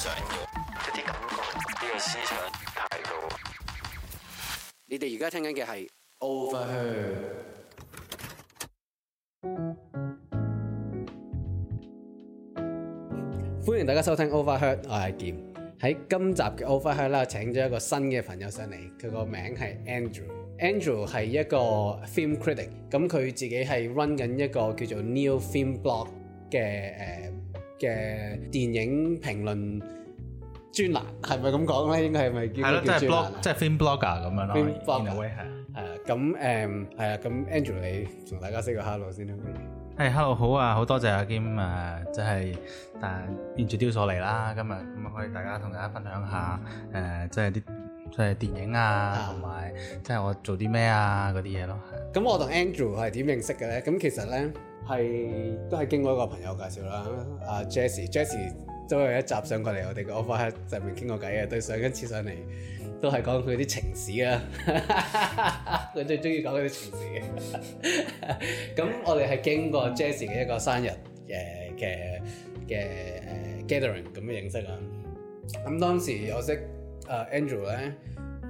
想要一啲感覺，呢個思想態度。你哋而家聽緊嘅係 Overheard。歡迎大家收聽 Overheard，我係劍。喺今集嘅 Overheard 啦，請咗一個新嘅朋友上嚟，佢個名係 Andrew。Andrew 係一個 film critic，咁佢自己係 run 緊一個叫做 New Film Blog 嘅誒嘅電影評論專欄係咪咁講咧？應該係咪叫叫專欄？即係 film blogger 咁樣咯，film blogger 係啊。咁誒係啊。咁 Andrew，你同大家識個 hello 先啦，歡迎。誒，hello 好啊！好多謝阿 Kim 誒，即係帶編著雕塑嚟啦。今日咁可以大家同大家分享下誒，即係啲即係電影啊，同埋即係我做啲咩啊嗰啲嘢咯。咁我同 Andrew 係點認識嘅咧？咁其實咧，係都係經過一個朋友介紹啦。阿 Jessie，Jessie。都有一集上過嚟，我哋個 office 上面傾過偈嘅，對上一次上嚟，都係講佢啲情史啊！佢 最中意講佢啲情史嘅。咁 我哋係經過 Jesse 嘅一個生日嘅嘅嘅、呃、gathering 咁嘅認識啦、啊。咁當時我識誒 Angel 咧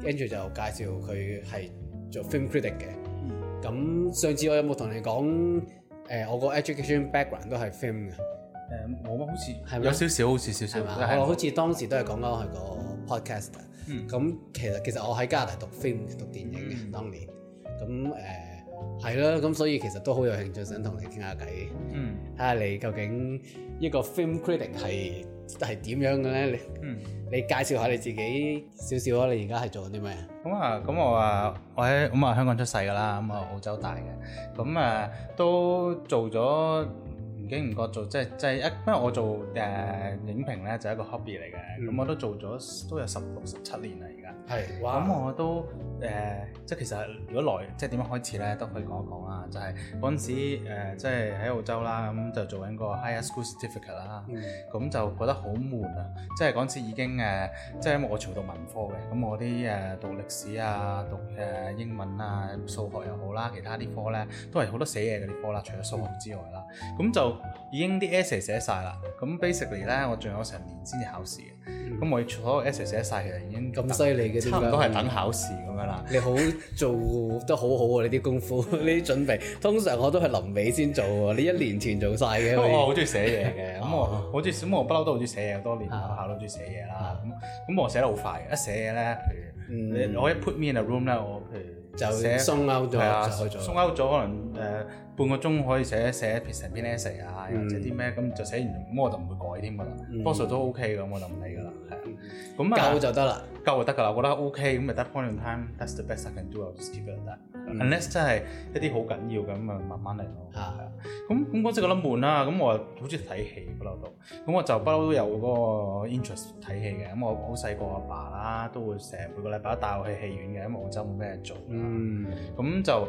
Angel 就介紹佢係做 film critic 嘅。咁上次我有冇同你講誒、呃？我個 education background 都係 film 嘅。誒，我乜好似有少少好似少少啊！我好似當時都係講緊係個 podcast。嗯，咁其實其實我喺加拿大讀 film 讀電影嘅，嗯、當年。咁誒係啦，咁、嗯、所以其實都好有興趣想同你傾下偈。嗯，睇下你究竟一個 film critic 係係點樣嘅咧？你、嗯、你介紹下你自己少少啊！你而家係做緊啲咩啊？咁啊，咁我啊，我喺咁啊香港出世㗎啦，咁啊澳洲大嘅，咁啊都做咗。竟然唔覺做，即係即係一，因為我做誒影評咧，就係一個 hobby 嚟嘅，咁、嗯、我都做咗都有十六、十七年啦。係，咁我都誒、呃，即係其實如果來，即係點樣開始咧，都可以講一講、就係嗯呃、啊。就係嗰陣時即係喺澳洲啦，咁就做緊個 Higher School Certificate 啦、啊。咁、嗯、就覺得好悶啊！即係嗰陣時已經誒、啊，即係因為我全部讀文科嘅，咁我啲誒、啊、讀歷史啊、讀誒英文啊、數學又好啦，其他啲科咧都係好多寫嘢嗰啲科啦，除咗數學之外啦。咁、啊嗯、就已經啲 Essay 寫晒啦。咁 Basically 咧，我仲有成年先至考試嘅。咁我坐一齊寫晒，其實已經咁犀利嘅，差唔多係等考試咁樣啦。你好做得好好啊！呢啲功夫，呢啲準備，通常我都係臨尾先做喎。你一年前做晒嘅，我好中意寫嘢嘅。咁我好中意，小我不嬲都好中意寫嘢多年，我下都中意寫嘢啦。咁咁我寫得好快嘅，一寫嘢咧，譬如你我一 put me in a room 咧，我譬如。就寫，係到啊，鬆歐咗，鬆歐咗，可能誒、呃、半個鐘可以寫寫成篇 essay 啊，又或者啲咩咁就寫完，咁我就唔會改添㗎啦。多數、嗯、都 OK 嘅，咁我就唔理㗎啦。嗯夠就得啦，夠就得噶啦，我覺得 OK，咁咪得 point in time，that's the best I can do，I'll keep it at that。Unless 真係一啲好緊要咁啊，慢慢嚟咯。係啊，咁咁嗰陣覺得悶啦，咁我啊好中意睇戲不嬲都，咁我就不嬲都有嗰個 interest 睇戲嘅，咁我好細個阿爸啦都會成日每個禮拜都帶我去戲院嘅，因為喺廣州冇咩做啦，咁就。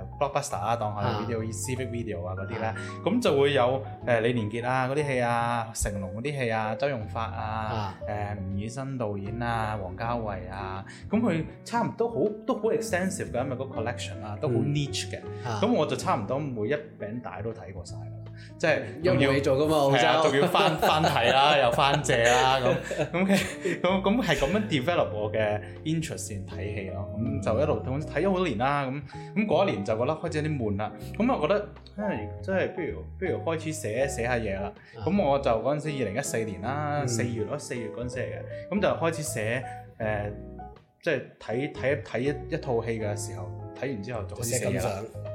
Blockbuster 啊，當係 Video、Civic Video 啊嗰啲咧，咁就會有誒李連杰啊嗰啲戲啊，成龍嗰啲戲啊，周潤發啊，誒、啊呃、吳宇森導演啊，王家衛啊，咁佢差唔多好都好 extensive 嘅，因為個 collection 都啊都好 niche 嘅，咁我就差唔多每一餅帶都睇過晒。即係、就是、又要做噶嘛，杭州，仲要翻翻睇啦，又翻借啦，咁咁咁咁係咁樣 develop 我嘅 interesting 睇戲咯，咁就一路睇咗好多年啦，咁咁嗰一年就覺得開始有啲悶啦，咁我覺得即、哎、真係不如不如開始寫寫下嘢啦，咁我就嗰陣時二零一四年啦，四月咯，四、嗯、月嗰陣時嚟嘅，咁就開始寫誒，即係睇睇睇一套戲嘅時候，睇完之後始啲嘢。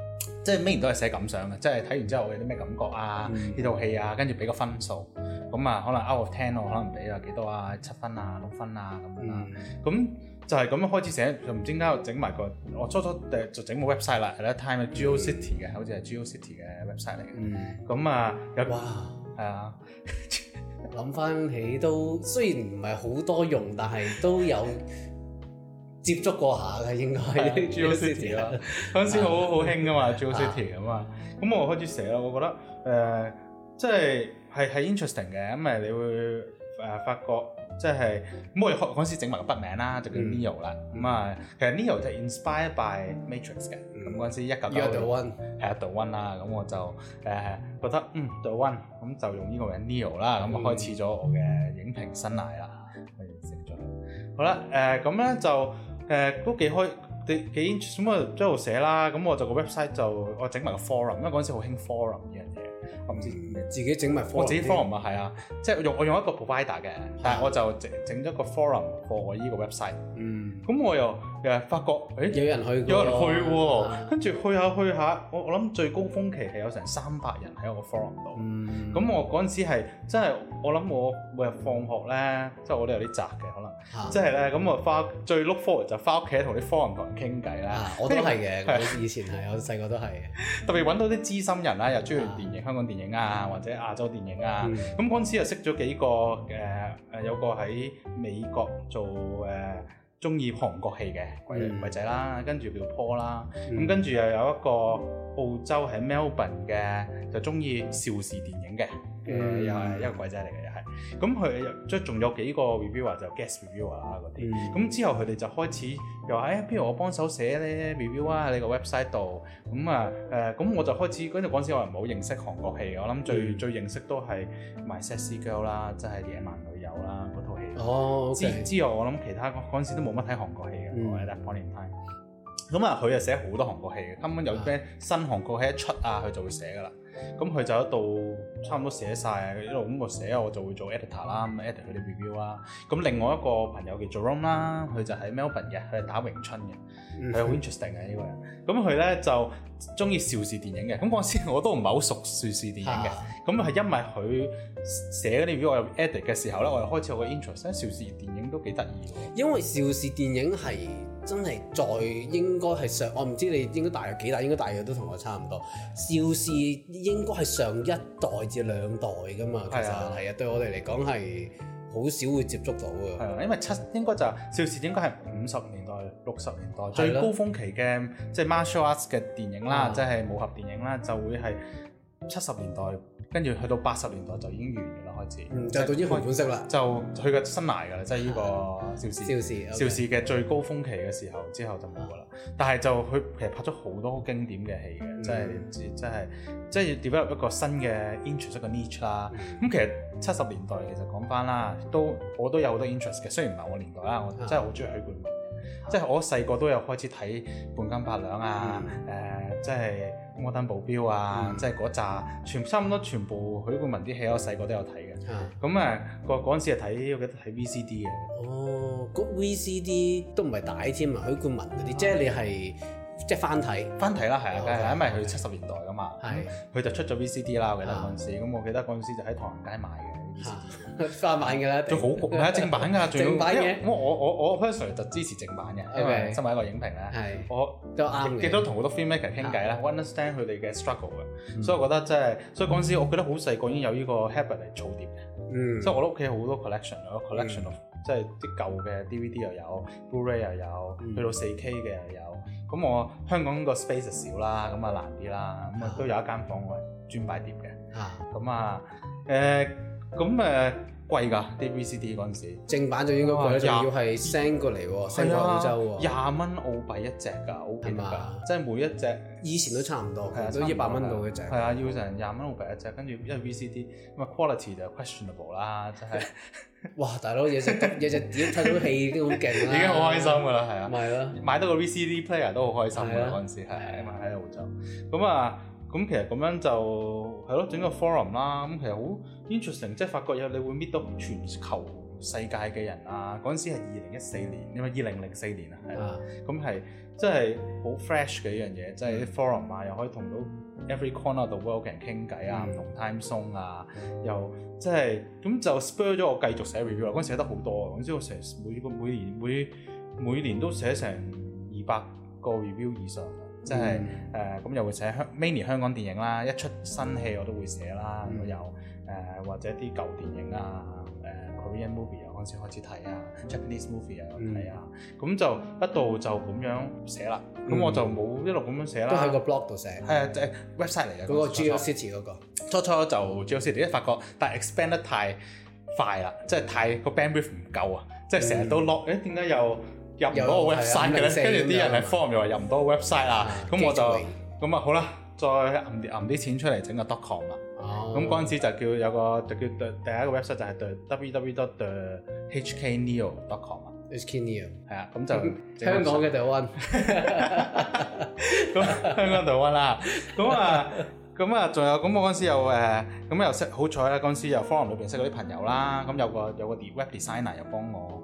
即係咩人都係寫感想嘅，即係睇完之後我有啲咩感覺啊？呢套戲啊，跟住俾個分數，咁啊可能 out of ten 咯，可能俾啊幾多啊？七分啊，六分啊咁樣啦、啊。咁、嗯、就係咁樣開始寫，就唔知點解整埋個，我初初誒就整個 website 啦，係啦，time of、嗯、GeoCity 嘅，好似係 GeoCity 嘅 website 嚟。嗯。咁啊，有哇，係啊，諗翻起都雖然唔係好多用，但係都有。 接觸過下嘅應該 Geo City 啦，嗰陣時好好興嘅嘛 Geo City 啊，咁我開始寫咯，我覺得誒，即係係係 interesting 嘅，咁誒你會誒發覺即係，我嗰陣時整埋個筆名啦，就叫 Neo 啦，咁啊其實 Neo 係 inspired by Matrix 嘅，咁嗰陣時 you're the one，係啊 the one 啊，咁我就誒覺得嗯 the one，咁就用呢個名 Neo 啦，咁開始咗我嘅影評生涯啦，可以成咗，好啦誒咁咧就。誒、uh, 都幾開，幾幾 interesting 咁啊，喺度寫啦，咁我就，我就，我就個 website 就我整埋個 forum，因為嗰陣時好興 forum 呢樣嘢，我唔知自己整埋 forum，我自己 forum 啊，係啊，即係用我用一個 provider 嘅，的但係我就整整咗個 forum 過 for 我依個 website，嗯，咁我又。誒，發覺誒有人去，有人去喎，跟住去下，去下，我我諗最高峰期係有成三百人喺我 forum 度，咁我嗰陣時係真係我諗我每日放學咧，即係我都有啲宅嘅，可能，即係咧咁我翻最 look forward 就翻屋企同啲 forum 度傾偈啦，我都係嘅，我以前係我細個都係，特別揾到啲資深人啦，又中意電影，香港電影啊，或者亞洲電影啊，咁嗰陣時又識咗幾個誒誒，有個喺美國做誒。中意韓國戲嘅鬼鬼仔啦，mm hmm. 跟住叫 Paul 啦、mm，咁、hmm. 跟住又有一個。澳洲喺 Melbourne 嘅，就中意邵氏電影嘅，誒又係一個鬼仔嚟嘅又係，咁佢即仲有幾個 reviewer 就 guest reviewer 啦，嗰啲，咁、嗯、之後佢哋就開始又話誒，譬、哎、如我幫手寫咧 review e、啊、r 喺你個 website 度，咁啊誒，咁、呃、我就開始跟住嗰陣時我又冇認識韓國戲，我諗最、嗯、最認識都係 My Sassy Girl 啦，即係野蠻女友啦嗰套戲。哦。Okay、之之外我諗其他嗰陣時都冇乜睇韓國戲嘅，我係得《One i g h 咁啊，佢啊寫好多韓國戲嘅，咁樣有咩新韓國戲一出啊，佢就會寫噶啦。咁佢就喺度差唔多寫晒，一路咁個寫，我就會做 editor 啦，edit 佢啲 review 啊。咁另外一個朋友叫 Jerome 啦，佢就喺 Melbourne 嘅，佢係打詠春嘅，佢好 interesting 嘅呢個人。咁佢咧就中意邵氏電影嘅。咁嗰陣時我都唔係好熟邵氏電影嘅，咁係因為佢寫嗰啲 review，我做 edit 嘅時候咧，我開始有個 interest，因為邵氏電影都幾得意。因為邵氏電影係。真係再應該係上，我唔知你應該大約幾大，應該大約都同我差唔多。邵氏應該係上一代至兩代噶嘛，其實係啊，的對我哋嚟講係好少會接觸到嘅。係啊，因為七應該就邵氏應該係五十年代、六十年代最高峰期嘅，的即係 martial arts 嘅電影啦，的即係武俠電影啦，就會係七十年代。跟住去到八十年代就已經完嘅啦，開始、嗯、就到呢款模式啦。嗯、就佢嘅生涯噶啦，即係呢個邵氏、邵氏、邵氏嘅最高峰期嘅時候，之後就冇啦。嗯、但係就佢其實拍咗好多很經典嘅戲嘅，即係即係即係 develop 一個新嘅 interest 嘅 niche 啦。咁、嗯、其實七十年代其實講翻啦，都我都有好多 interest 嘅，雖然唔係我年代啦，我真係好中意許即係我細個都有開始睇《半斤八兩》啊，誒，即係《摩登保鏢》啊，即係嗰扎，全差唔多全部許冠文啲戲，我細個都有睇嘅。咁啊，嗰嗰陣時係睇我記得睇 VCD 嘅。哦，VCD 都唔係大添啊，許冠文啲，即係你係即係翻睇，翻睇啦，係啊，梗係因為佢七十年代噶嘛，係，佢就出咗 VCD 啦，我記得嗰陣時。咁我記得嗰陣時就喺唐人街買嘅。嚇，正版㗎啦，仲好，係正版㗎，仲，正版嘅。咁我我我 personally 就支持正版嘅，因為身為一個影評咧，我都啱，記得同好多 film maker 傾偈啦，understand 佢哋嘅 struggle 嘅，所以我覺得真係，所以嗰陣時我記得好細個已經有呢個 habit 嚟儲碟嘅，嗯，所以我屋企好多 collection，collection of 即係啲舊嘅 DVD 又有，Blu-ray 又有，去到 4K 嘅又有。咁我香港個 space 少啦，咁啊難啲啦，咁啊都有一間房我係專擺碟嘅，嚇，咁啊誒。咁誒貴㗎啲 VCD 嗰陣時，正版就應該貴啦，仲要係 send 過嚟，send 過澳洲喎，廿蚊澳幣一隻㗎，係嘛？即係每一隻以前都差唔多，啊，都一百蚊到嘅啫。係啊，要成廿蚊澳幣一隻，跟住因為 VCD，咁啊 quality 就 questionable 啦，真係。哇，大佬有隻有隻碟睇到戲都好勁啦，已經好開心㗎啦，係啊，唔係咯，買到個 VCD player 都好開心㗎嗰陣時，係喺澳洲，咁啊。咁其實咁樣就係咯，整個 forum 啦，咁其實好 interesting，即係發覺有你會搣到全球世界嘅人啊。陣時係二零一四年，因為二零零四年啊，係啊，咁係真係好 fresh 嘅一樣嘢，即係啲 forum 啊，又可以同到 every corner of the world 嘅人傾偈啊，同、嗯、time zone 啊，嗯、又即係咁就 spur 咗我繼續寫 review。嗰陣時寫得好多，啊，總之我成每個每年每每年都寫成二百個 review 以上。即係誒咁又會寫香，每年香港電影啦，一出新戲我都會寫啦。咁、嗯、又誒或者啲舊電影啊，誒 Korean movie 啊開始我開始睇啊，Japanese movie 啊睇啊，咁、嗯、就一度就咁樣寫啦。咁、嗯、我就冇一路咁樣寫啦、嗯。都喺個 blog 度寫。係啊、嗯，即係 website 嚟嘅。嗰個 g o City 嗰、那個。初初就 g o City，一發覺但係 expand 得太快啦，即係、嗯、太個 bandwidth 唔夠啊，即係成日都落。誒點解又？入唔到個 website 嘅咧，跟住啲人係 form 又話入唔到個 website 啊，咁我就咁啊好啦，再揞揞啲錢出嚟整個 dotcom 嘛。哦。咁嗰陣時就叫有個叫第第一個 website 就係對 www.hkneo.com t 嘛。hkneo 係啊，咁就香港嘅 the one 咁香港 the one 啦。咁啊咁啊，仲有咁我嗰陣時又誒，咁又識好彩啦，嗰陣時又 form 裏邊識嗰啲朋友啦，咁有個有個啲 web designer 又幫我。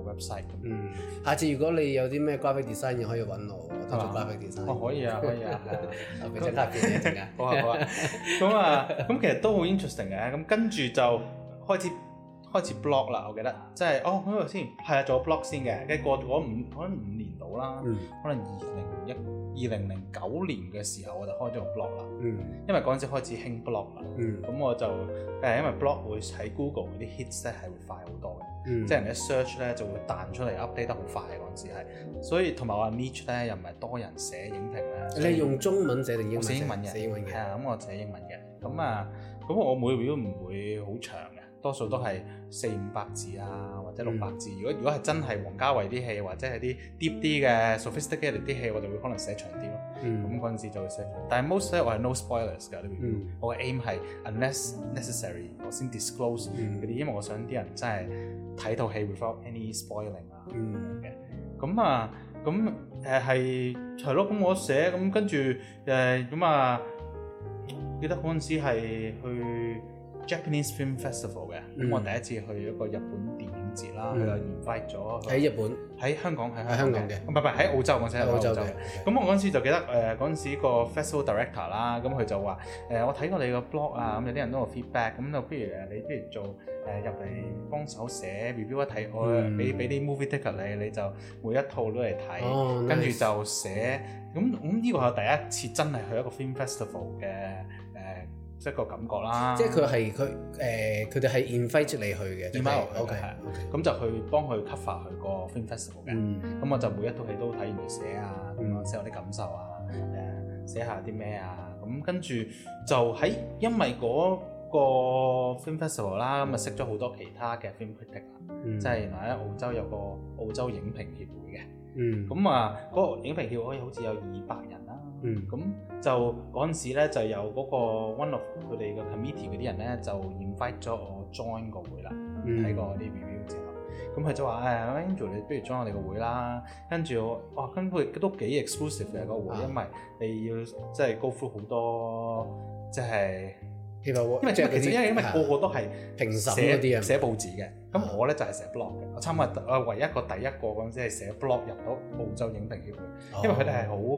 嗯，下次如果你有啲咩 graphic design 嘅，可以揾我，我都做 graphic design。啊 oh, 可以啊，可以啊，俾張卡片你先啊。好啊，好啊、 嗯。咁啊，咁其實都好 interesting 嘅。咁跟住就開始 開始 blog 啦，我記得，即、就、係、是、哦，呢先係啊、嗯嗯，做 blog 先嘅。跟住過咗五、嗯，可能五年到啦，嗯、可能二零一。二零零九年嘅時候，我就開咗個 blog 啦。嗯，因為陣時開始興 blog 啦。嗯，咁我就誒因為 blog 會喺 Google 啲 hit 咧係會快好多嘅。嗯，即係人哋一 search 咧就會彈出嚟 update 得好快陣時係，所以同埋我 niche 咧又唔係多人寫影評咧。你用中文寫定英文寫？我寫英文嘅。係啊，咁我寫英文嘅。咁啊，咁我每篇都唔會好長嘅。多數都係四五百字啊，或者六百字、嗯如，如果如果係真係王家衛啲戲，或者係啲 deep 啲嘅 sophisticated 啲戲，我就會可能寫長啲咯。咁嗰陣時就會寫長。但係 most 咧，嗯、我係 no spoilers 㗎呢邊。我嘅 aim 係 unless necessary，我先 disclose 嗰啲、嗯，因為我想啲人真係睇套戲 without any spoiling 啊。咁啊、嗯，咁誒係係咯。咁、嗯、我寫咁跟住誒咁啊，記得嗰陣時係去。Japanese Film Festival 嘅，咁我第一次去一個日本電影節啦，佢又 invite 咗喺日本，喺香港係香港嘅，唔係唔係喺澳洲或者喺澳洲嘅。咁我嗰陣時就記得誒，嗰陣時個 festival director 啦，咁佢就話誒，我睇過你個 blog 啊，咁有啲人都有 feedback，咁就不如你不如做誒入嚟幫手寫，俾俾我睇，我俾俾啲 movie ticket 你，你就每一套都嚟睇，跟住就寫。咁咁呢個係我第一次真係去一個 film festival 嘅。即係個感覺啦，即係佢係佢誒，佢哋係、呃、invite 住你去嘅，O.K. 咁就去幫佢 cover 佢個 film festival 嘅、嗯。咁我就每一套戲都睇完寫啊，嗯、寫我啲感受啊，誒、嗯、寫下啲咩啊。咁跟住就喺因為嗰個 film festival 啦，咁啊、嗯、識咗好多其他嘅 film critic 啦、嗯，即係例如喺澳洲有個澳洲影評協會嘅，咁啊嗰個影評協會好似有二百人。嗯，咁就嗰陣時咧，就有嗰個 One Love 佢哋個 committee 嗰啲人咧，就 invite 咗我 join 個會啦。睇過啲邀請函，咁佢就話：誒 Angel，你不如 join 我哋個會啦。跟住我，哇，跟佢都幾 exclusive 嘅個會，因為你要即係 go through 好多，即係因為因為其實因為因為個個都係評審嗰啲啊，寫報紙嘅。咁我咧就係寫 blog 嘅，我差唔多啊，唯一個第一個嗰陣時係寫 blog 入到澳洲影評協會，因為佢哋係好。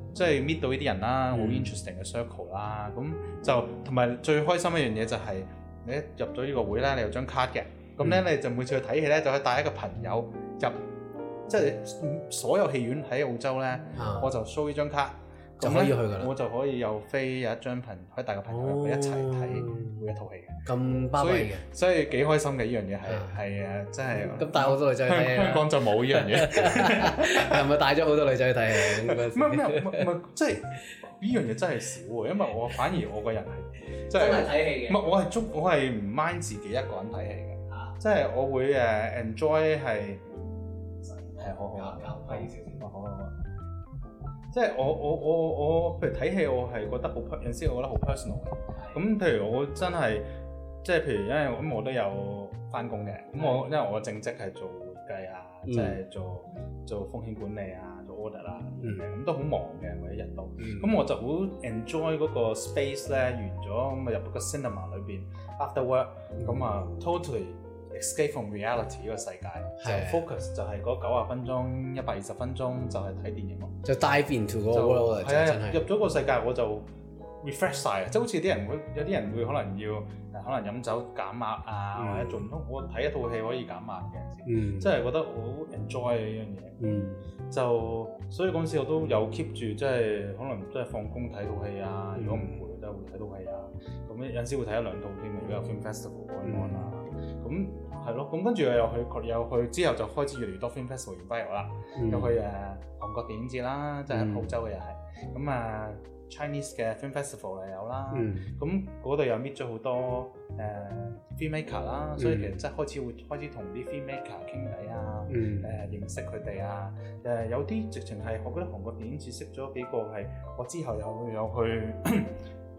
即係 meet 到呢啲人啦，好 interesting 嘅 circle 啦，咁就同埋最開心一樣嘢就係、是、你一入咗呢個會咧，你有張卡嘅，咁咧你就每次去睇戲咧就可以帶一個朋友入，即、就、係、是、所有戲院喺澳洲咧，嗯、我就 show 呢張卡。就可以去噶啦，我就可以又飛有一張憑，可以帶個朋友去一齊睇每一套戲嘅，咁巴閉嘅，所以幾開心嘅呢樣嘢係係啊，真係。咁帶好多女仔去睇啊！香港就冇呢樣嘢，係 咪 帶咗好多女仔去睇、戲、啊？唔係唔係唔係，即係呢樣嘢真係少，因為我反而我個人係、即係、真係睇戲嘅，唔係我係中我係唔 mind 自己一個人睇戲嘅，即、就、係、是、我會誒 enjoy 係誒我嘅黑膠少少。好好，即係我我我我，譬如睇戲，我係覺得好 personal，我覺得好 personal 嘅。咁的譬如我真係即係譬如，因為咁我都有翻工嘅。咁我因為我，的因為我正職係做會計啊，即係、嗯、做做風險管理啊，做 order 啦咁、嗯嗯、都好忙嘅，每一日度。咁、嗯、我就好 enjoy 嗰個 space 咧，完咗咁入個 cinema 裏邊 after work 咁啊，totally。Escape from reality 呢個世界，就 focus 就係嗰九十分鐘、一百二十分鐘就係睇電影咯。就 dive into 嗰個 world 嚟，真係入咗個世界我就 refresh 晒。即係好似啲人會有啲人會可能要可能飲酒減壓啊，或者做唔通。我睇一套戲可以減壓嘅，即係覺得好 enjoy 呢樣嘢。就所以嗰陣時我都有 keep 住，即係可能即係放工睇套戲啊。如果唔攰，即係會睇套戲啊。咁有陣時會睇一兩套添啊。如果有 film festival on 啊，咁。係咯，咁跟住我又去，又去之後就開始越嚟越多 f i n m festival 而翻入啦。嗯、又去誒韓國電影節啦，即係喺澳洲嘅又係。咁啊，Chinese 嘅 f i n m festival 又有啦。咁嗰度又搣咗好多誒、呃、film maker 啦，嗯、所以其實即係開始會開始同啲 film maker 傾偈啊，誒、嗯啊、認識佢哋啊。誒有啲直情係，我覺得韓國電影節識咗幾個係，我之後有有去。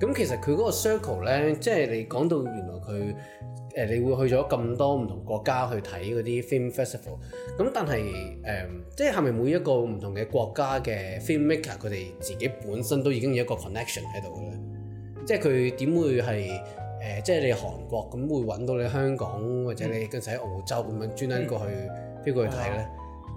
咁、嗯、其實佢嗰個 circle 咧，即係你講到原來佢誒、呃，你會去咗咁多唔同國家去睇嗰啲 film festival。咁但係誒，即係係咪每一個唔同嘅國家嘅 film maker 佢哋自己本身都已經有一個 connection 喺度嘅咧？即係佢點會係誒、呃？即係你韓國咁會揾到你香港或者你跟住喺澳洲咁樣專登過去飛過去睇咧？嗯嗯嗯。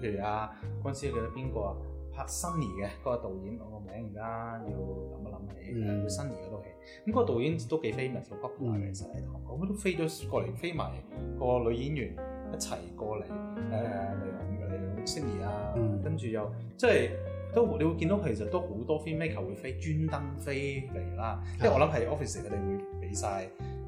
譬如啊，嗰陣時記得邊個啊？拍 Sunny 嘅嗰個導演，我個名而家要諗一諗起。Sunny 嗰套戲，咁嗰、嗰個導演都幾 famous，嘅，嗯啊、其實喺香港都飛咗過嚟，飛埋個女演員一齊過嚟，誒嚟用嚟用 Sunny、嗯呃、啊，嗯、跟住又即係都你會見到，其實都好多 film、mm、maker 會飛專登飛嚟啦，的因為我諗係 office 佢哋會俾曬。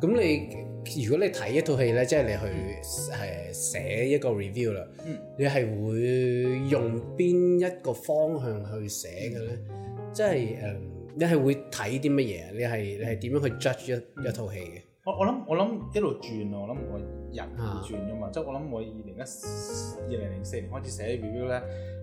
咁你、嗯、如果你睇一套戲咧，即、就、係、是、你去誒寫一個 review 啦、嗯，你係會用邊一個方向去寫嘅咧？即係誒，你係會睇啲乜嘢？你係你係點樣去 judge 一、嗯、一套戲嘅？我我諗我諗一路轉，我諗我人會轉而轉㗎嘛，即係、啊、我諗我二零一二零零四年開始寫 review 咧，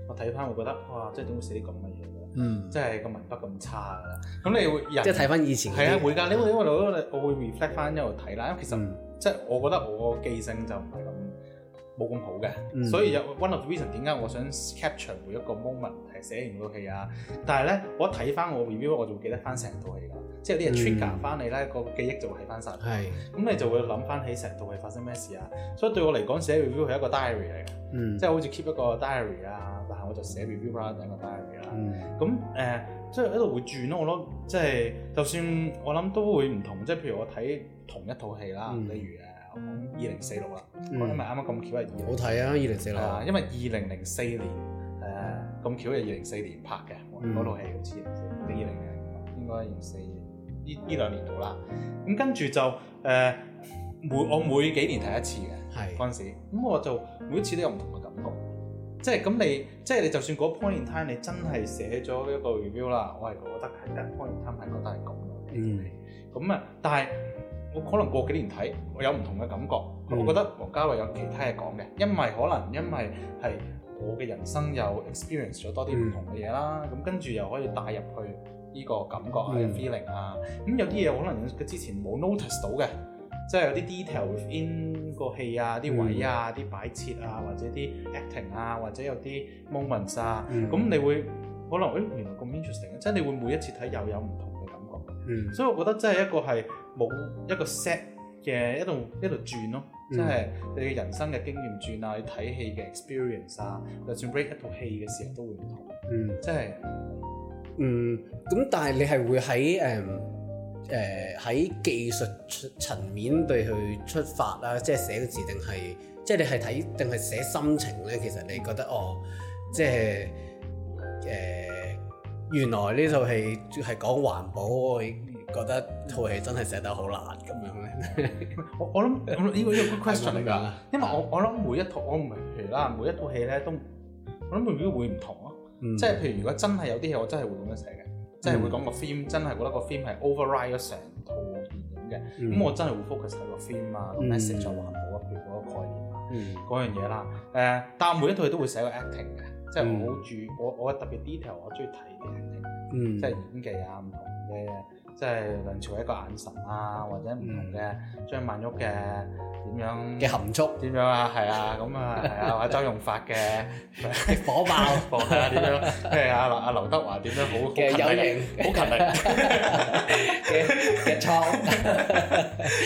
我睇翻我覺得哇，即係點會寫啲咁嘅嘢？嗯即，即係個文筆咁差嘅啦。咁你會即係睇翻以前，係啊，會㗎。你會一路、嗯、我，我會 reflect 翻一路睇啦。因為其實、嗯、即係我覺得我記性就唔係咁。冇咁好嘅，嗯、所以有 one of the reason 點解我想 capture 每一個 moment 係寫完套戲啊？但係咧，我一睇翻我 review，我就會記得翻成套戲㗎。即係啲嘢 trigger 翻你咧，嗯、個記憶就會起翻曬。係是，咁，你就會諗翻起成套係發生咩事啊？所以對我嚟講寫 review 係一個 diary 嚟嘅，嗯，即係好似 keep 一個 diary 啦、啊。但係我就寫 review 啦，一個 diary 啦、啊。咁誒、嗯呃、即係一度會轉咯。我諗即係就算我諗都會唔同。即係譬如我睇同一套戲啦，例如。嗯二零四六啦，咁咪啱啱咁巧係二零，好睇啊！二零四六，係啊，因為二零零四年，誒、啊，咁巧係二零四年拍嘅，嗰套戲好似二零零二零零，2004, 2004，應該二零四呢呢兩年度啦。咁跟住就誒，嗯、我每我每幾年睇一次嘅，係嗰陣時，咁我就每一次都有唔同嘅感覺。Troop，即係咁你，即係你就算嗰 point in time 你真係寫咗一個 review 啦，我係覺得係，但 point in time 係覺得係咁嘅，咁啊，但係。我可能過幾年睇，我有唔同嘅感覺。嗯、我覺得王家衛有其他嘢講嘅，因為可能因為係我嘅人生有 experience 咗多啲唔同嘅嘢啦。咁跟住又可以帶入去呢個感覺啊、feeling、嗯、啊。咁有啲嘢可能佢之前冇 notice 到嘅，即係有啲 detail in 個戲啊、啲位啊、啲、嗯、擺設啊，或者啲 acting 啊，或者有啲 moments 啊。咁、嗯、你會可能誒、哎、原來咁 interesting、啊、即係你會每一次睇又有唔同嘅感覺。嗯，所以我覺得真係一個係。冇一個 set 嘅一路一路轉咯，嗯、即係你嘅人生嘅經驗轉啊，你睇戲嘅 experience 啊，就算 break 一套戲嘅時候都會唔同。嗯，即係嗯咁，但係你係會喺誒誒喺技術層面對佢出發啦，即係寫個字定係即係你係睇定係寫心情咧？其實你覺得哦，即係誒、呃、原來呢套戲係講環保。覺得套戲真係寫得好難咁樣咧。我我諗，我、這、呢個呢、這個 question 嚟㗎， 因為我我諗每一套，我唔係譬如啦，每一套戲咧都我諗會唔會唔同咯、啊。嗯、即係譬如，如果真係有啲戲，我真係會咁樣寫嘅，即係、嗯、會講個 theme，真係覺得個 theme 係 override 咗成套電影嘅。咁、嗯嗯、我真係會 focus 喺個 theme 啊 message 環保啊，譬、嗯、如嗰個概念啊，嗰、嗯、樣嘢啦。誒、呃，但係每一套戲都會寫個 acting 嘅，即係我好注我我特別 detail，我中意睇啲 acting，即係演技啊，唔同嘅。即係梁朝偉一個眼神啊，或者唔同嘅張曼玉嘅點樣嘅含蓄，點樣啊，係啊，咁啊係啊，或者周潤發嘅火爆，火下點樣，即係阿阿劉德華點樣好、啊、嘅，有型，好 勤力嘅嘅操。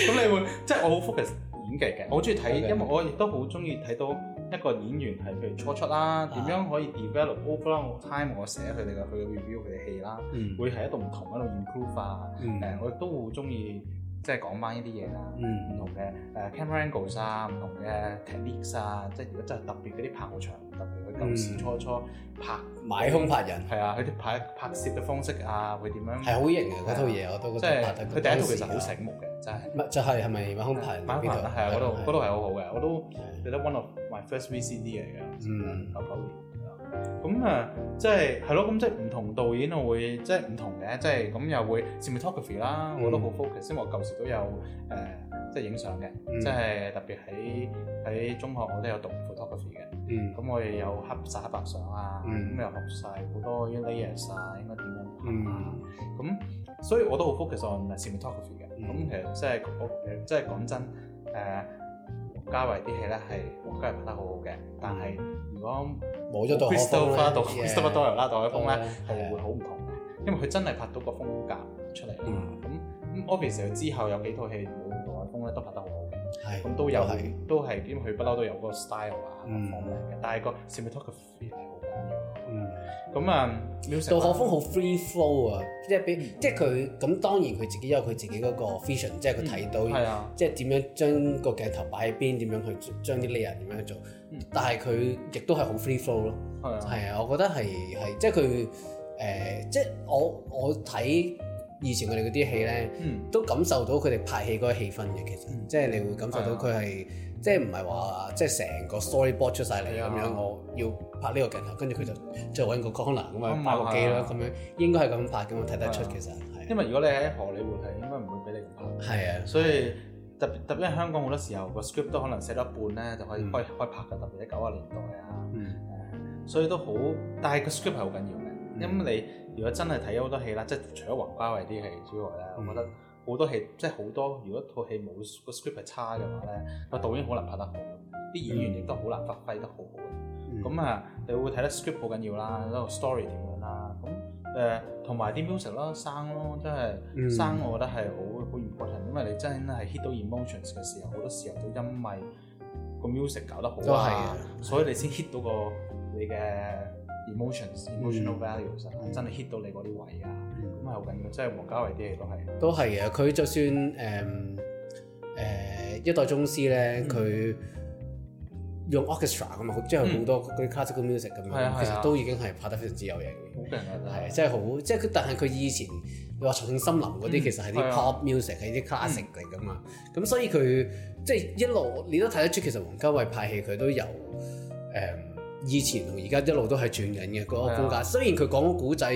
咁你會即係、就是、我好 focus 演技嘅，我中意睇，Okay. 因為我亦都好中意睇到。一個演員係譬如初出啦，點、嗯、樣可以 develop over time？我寫佢哋嘅佢嘅 review 佢哋戲啦，嗯，會係一度唔同一度 improve 啊，嗯，誒，我亦都好中意即係講翻呢啲嘢啦，嗯，唔、嗯、同嘅誒 camera angles 啊，唔、嗯、同嘅 techniques 啊，嗯、即係如果真係特別嗰啲拍場特別。舊時初初拍買空拍人係啊，佢啲拍拍攝嘅方式啊，會點樣係好型嘅嗰套嘢，我都覺得。即係佢第一套其實好醒目嘅，就係。咪就係係咪買空拍拍人啊？係嗰度嗰度係好好嘅，我都記得 one of my first VCD 嚟嘅。嗯，好方便。咁啊，即係係咯，咁即係唔同導演會即係唔同嘅，即係咁又會 Cinematography 啦，我都好 focus，因為我舊時都有誒即係影相嘅，即係、mm. 特別喺喺中學我都有讀 photography 嘅，咁、mm. 我亦有黑晒黑白相啊，咁、mm. 嗯、又學晒好多啲 layers 啊，應該點樣拍、mm. 啊，咁所以我都好 focus 我唔 on Cinematography 嘅，咁、mm. 其實即係我即係講真誒。就是嘉偉啲戲咧係，我覺得拍得好好嘅，但係如果 Crystal 拍到，到 yeah, Crystal 多啦，杜海峯咧係，會好唔同嘅，因為佢是的 真係拍到個風格出嚟啦。咁咁，Obviously 之後有幾套戲，冇杜海峯咧都拍得好好。係，咁都有，都係、嗯，因為佢不嬲都有嗰個 style 啊，方面嘅。但係個攝影師嘅 feel 係好緊要咯。咁啊、嗯，杜可風好 free flow 啊，嗯、即係俾，即係佢咁當然佢自己有佢自己嗰個 vision，即係佢睇到，即係點樣將個鏡頭擺喺邊，點樣去將啲 layer 點樣去做。嗯、但係佢亦都係好 free flow 咯、啊，係啊，我覺得係係，即係佢誒，即係、呃、我我睇。我以前佢哋嗰啲戲咧，都感受到佢哋拍戲嗰個氣氛嘅，其實，即係你會感受到佢係，即係唔係話，即係成個 storyboard 出晒嚟咁樣，我要拍呢個鏡頭，跟住佢就再揾個 camera 咁啊，拍個機啦，咁樣應該係咁拍嘅，我睇得出其實。因為如果你喺荷里活係，應該唔會俾你咁拍。係啊，所以特別特別，香港好多時候個 script 都可能寫到一半咧，就可以開開拍嘅，特別喺九十年代啊，所以都好，但係個 script 係好緊要嘅，因你。如果真係睇咗好多戲啦，即係除咗王家衞啲戲之外咧，嗯、我覺得好多戲即係好多，如果套戲冇個 script 係差嘅話咧，個導演好難拍得好，啲演員亦都好難、嗯、發揮得好好嘅。咁啊、嗯，你會睇得 script 好緊要啦，個 story 點樣啦，咁誒同埋啲 music 咯，生、呃、咯，真係生，嗯、我覺得係好好 important，因為你真係 hit 到 emotions 嘅時候，好多時候都因為個 music 搞得好啊，所以你先 hit 到個你嘅。emotions, emotional values 真係 hit 到你嗰啲位啊，咁係好緊要。即係黃家衞啲嘢都係。都係嘅，佢就算誒誒一代宗師咧，佢用 orchestra 咁，嘛，即係好多嗰啲 classical music 咁樣，其實都已經係拍得非常之有型。好正啊！係係好，即係佢，但係佢以前你話《重慶森林》嗰啲，其實係啲 pop music，係啲 classic 嚟㗎嘛。咁所以佢即係一路，你都睇得出，其實黃家衞拍戲佢都有誒。以前同而、那個、家一路都係轉緊嘅嗰個風格，啊、雖然佢講古仔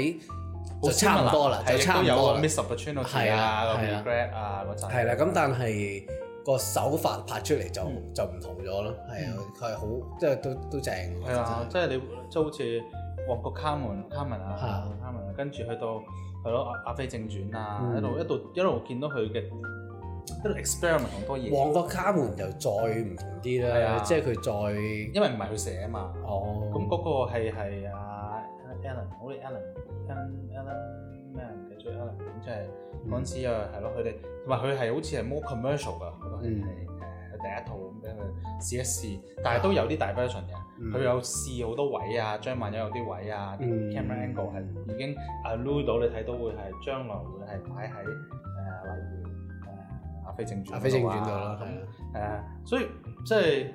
就差唔多啦，嗯、就差唔多。係啊，係啊，g a d 啊，係啦、啊，咁、那個啊、但係個手法拍出嚟就、嗯、就唔同咗咯，係啊，佢係好即係都都正。係啊，的即係你即係好似《惡個卡門》卡門啊，卡門、啊啊，跟住去到係咯阿阿飛正傳啊，嗯、一路一路一路見到佢嘅。啲 experiment 好多嘢，旺角卡門就再唔同啲啦，啊、即係佢再，因為唔係佢寫啊嘛。哦、oh，咁嗰個係係啊，Alan，好哋 Alan，Alan Alan 咩人嘅？追 Alan，咁即係嗰陣時啊，係咯、oh, 嗯，佢哋同埋佢係好似係 more commercial 噶，我都係誒第一套咁樣畀佢試一試，但係都有啲大 version 嘅，佢、嗯、有試好多位啊，張曼玉有啲位啊，啲、嗯、camera angle 係已經啊 ludo 你睇到會係將來會係擺喺誒例如。非正傳啊，非正傳度咯，係、嗯、啊，係啊，所以即係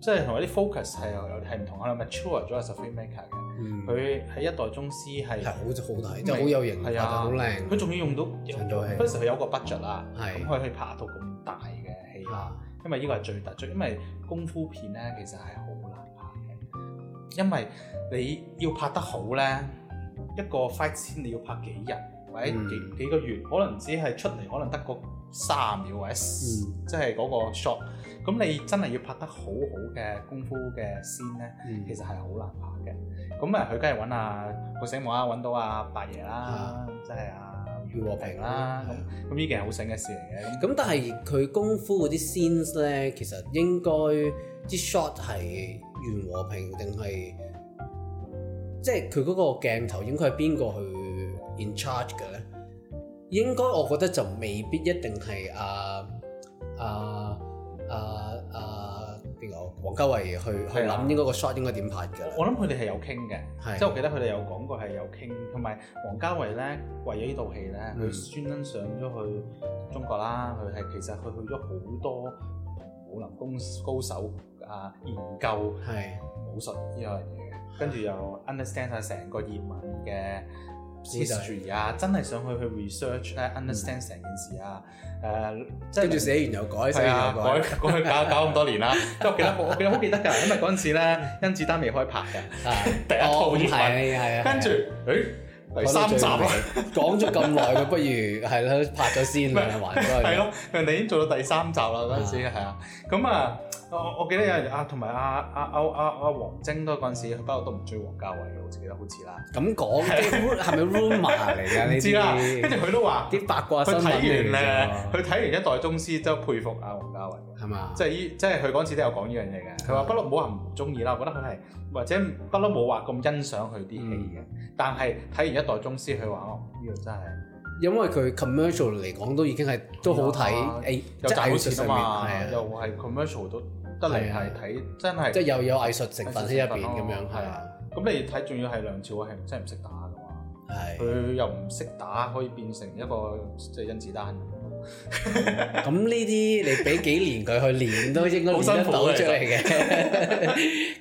即係同啲 focus 係係唔同，可能 mature 咗 as a filmmaker 嘅，佢喺一代宗師係好好大，是即係好有型，係啊的，好靚，佢仲要用到，嗰陣時佢有個 budget 啦，咁、嗯、的可以拍到咁大嘅戲啦，的因為呢個係最突出，因為功夫片咧其實係好難拍嘅。因為你要拍得好咧，一個 fight scene 你要拍幾日？或者幾幾個月，可能只係出嚟，可能得個三秒或者，四、嗯，即係嗰個 shot。咁你真係要拍得好好嘅功夫嘅 scene 咧，其實係好難拍嘅。咁啊，佢梗係揾啊，好醒目啦，揾到阿、啊、八爺啦，即係、嗯、啊袁和平啦、啊。咁咁呢件係好醒嘅事嚟嘅。咁但係佢功夫嗰啲 scenes 咧，其實應該啲 shot 係袁和平定係，即係佢嗰個鏡頭應該係邊個去？in charge 嘅咧，應該我覺得就未必一定係啊啊啊啊，點、啊、講？王、啊、家衛去的去諗應該個 shot 應該點拍嘅。我諗佢哋係有傾嘅，的即係我記得佢哋有講過係有傾，同埋王家衛咧為咗呢套戲咧，佢、嗯、專登上咗去中國啦。佢係其實佢去咗好多同武林公高手啊研究係武術呢樣嘢，的跟住又 understand 晒成個葉問嘅。啊，真係想去去 research 咧，understand 成件事啊，誒，跟住寫完又改，寫改改改搞搞咁多年啦。即我記得，我記得好記得㗎，因為嗰陣時咧，甄子丹未開拍嘅，第一套熱啊！跟住，誒，第三集啊，講咗咁耐，不如係啦，拍咗先兩環。係咯，人哋已經做到第三集啦，嗰陣時係啊，咁啊。我我記得有阿同埋阿阿歐阿阿黃晶都嗰陣時，佢不嬲都唔追王家衛嘅，我記得好似啦。咁講係咪 rumour 嚟嘅？你知啦。跟住佢都話啲八卦新聞嚟嘅。佢睇完一代宗師都佩服阿王家衛嘅。係嘛？即係依即係佢嗰陣時都有講呢樣嘢嘅。佢話不嬲冇話唔中意啦，我覺得佢係或者不嬲冇話咁欣賞佢啲戲嘅。但係睇完一代宗師，佢話哦，呢個真係因為佢 commercial 嚟講都已經係都好睇 A，又大好視又係 commercial 都。都係係睇真係，即係又有藝術成分喺入邊咁樣，係啊。咁你睇仲要係梁朝偉係真係唔識打嘅嘛？係的。佢又唔識打，可以變成一個即係甄子丹。咁呢啲你俾幾年佢去練都應該練得到出嚟嘅。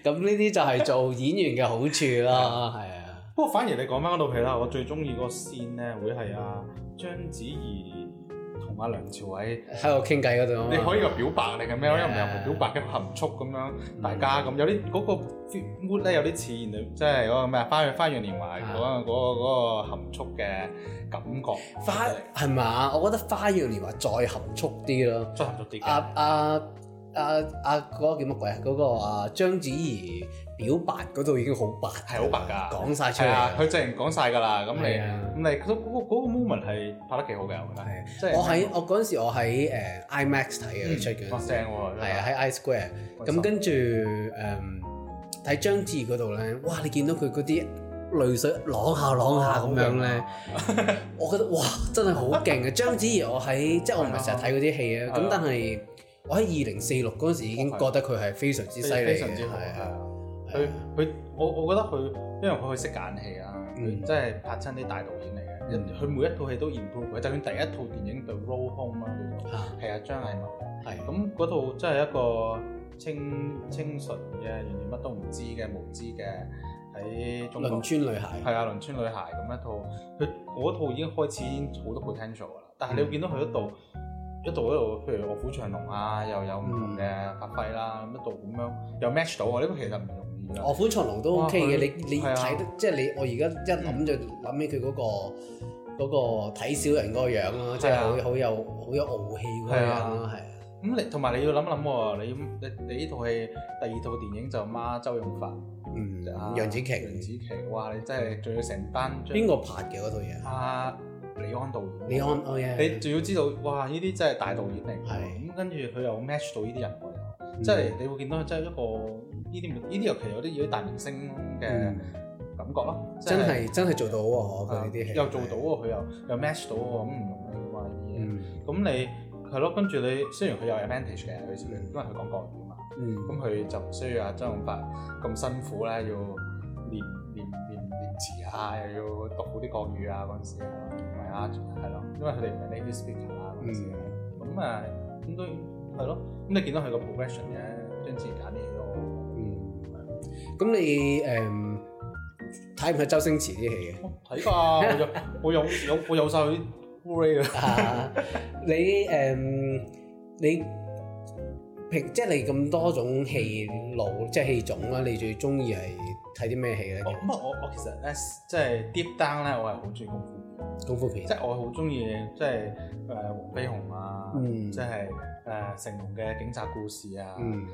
咁呢啲就係做演員嘅好處咯。係啊。不過反而你講翻嗰套戲啦，我最中意嗰個線咧，會係阿章子怡。阿梁朝偉喺度傾偈嗰度，你可以個表白定係咩？因唔係表白嘅含蓄咁樣，mm hmm。大家咁有啲嗰個 mood 咧，有啲似、那個 mm hmm。即係嗰個咩《花樣年華》嗰 Yeah.、那個嗰、那個那個含蓄嘅感覺。花係嘛？我覺得《花樣年華》再含蓄啲咯，再含蓄啲、啊。啊啊！啊啊！嗰個叫乜鬼啊？嗰個啊章子怡表白嗰度已經好白，係好白噶，講晒出嚟。啊，佢自然講晒噶啦。咁你咁你，唔係，嗰個 moment 係拍得幾好嘅。我覺得係我喺我嗰陣時，我喺誒 IMAX 睇嘅出卷，哇聲喎。係啊，喺 iSquare。咁跟住誒睇章子怡嗰度咧，哇！你見到佢嗰啲淚水啷下啷下咁樣咧，我覺得哇，真係好勁啊！章子怡，我喺即係我唔係成日睇嗰啲戲啊，咁但係。我喺二零四六嗰陣時已經覺得佢係非常之犀利嘅，非常之好，係啊！佢佢、啊啊、我我覺得佢，因為佢可以識揀戲啦，即係、嗯、拍親啲大導演嚟嘅。佢每一套戲都延佢，就算第一套電影《The Road Home》啦，係啊，張藝謀，係咁嗰套真係一個清清純嘅，完全乜都唔知嘅無知嘅喺，農村女孩係啊，農村女孩咁一套，佢嗰套已經開始已經好多 potential 㗎啦。但係你會見到佢嗰度。嗯一度一度，譬如《臥虎藏龍》啊，又有唔同嘅發揮啦，一度咁樣又 match 到啊？呢、呢個其實唔容易啊！哦《臥虎藏龍》都 OK 嘅、啊，你你睇，嗯、即係你我而家一諗就諗起佢嗰、嗰個睇、嗯、小人嗰個樣咯，嗯、即係好好有好、嗯、有傲氣嗰個樣啊。係。咁你同埋你要諗一諗喎，你你你呢套戲第二套電影就阿孖周潤發、嗯楊紫瓊，楊紫瓊，哇！你真係仲要成班。邊個、嗯、拍嘅嗰套嘢啊？李安導演，李安，我嘅，你仲要知道，哇！呢啲真係大導演嚟嘅，咁跟住佢又 match 到呢啲人喎，即係你會見到，真係一個呢啲，呢啲尤其有啲大明星嘅感覺咯。真係真係做到喎，佢呢啲又做到喎，佢又又 match 到喎，咁唔容易嘅嘛啲嘢。咁你係咯，跟住你雖然佢有 advantage 嘅，佢因為佢講國語啊嘛，咁佢就唔需要阿周潤發咁辛苦咧，要練練。啊，又要讀好啲國語啊，嗰陣時係咯，唔係啊，係咯，因為佢哋唔係 lady speaker 啦，嗰陣時啊，咁啊，咁都係咯，咁你見到佢個 profession 啫，啊，將之前演啲戲都，嗯，咁你誒睇唔睇周星馳啲戲嘅？睇過，啊，我有我有有我有曬佢啲 movie 啊。你誒你即係你咁多種戲路，即係戲種啦，你最中意係？睇啲咩戲咧？哦，唔係我我其實咧，即係 deep down 咧，我係好中意功夫片。功夫片，即係我好中意，即係誒黃飛鴻啊，嗯、即係誒、呃、成龍嘅警察故事啊，誒、嗯、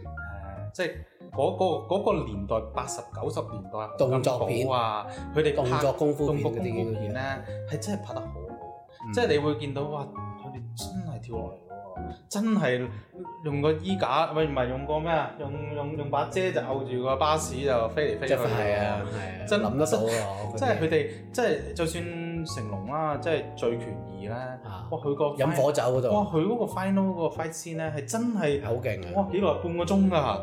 即係嗰、嗰個嗰個嗰個年代八十九十年代動作片啊，佢哋拍動作功夫片嘅功夫片咧，係真係拍得好，嗯、即係你會見到哇，佢哋真係跳落嚟。真係用個衣架，唔係用個咩啊？用用用，用把遮就摳住個巴士就飛嚟飛去。即係係啊，係啊，inal，scene，真諗得熟即係佢哋，即係就算成龍啦，即係《醉拳二》咧，哇！佢個飲火酒嗰度，哇！佢嗰個 final 嗰個 fight scene 咧係真係好勁哇！幾耐？半個鐘啊！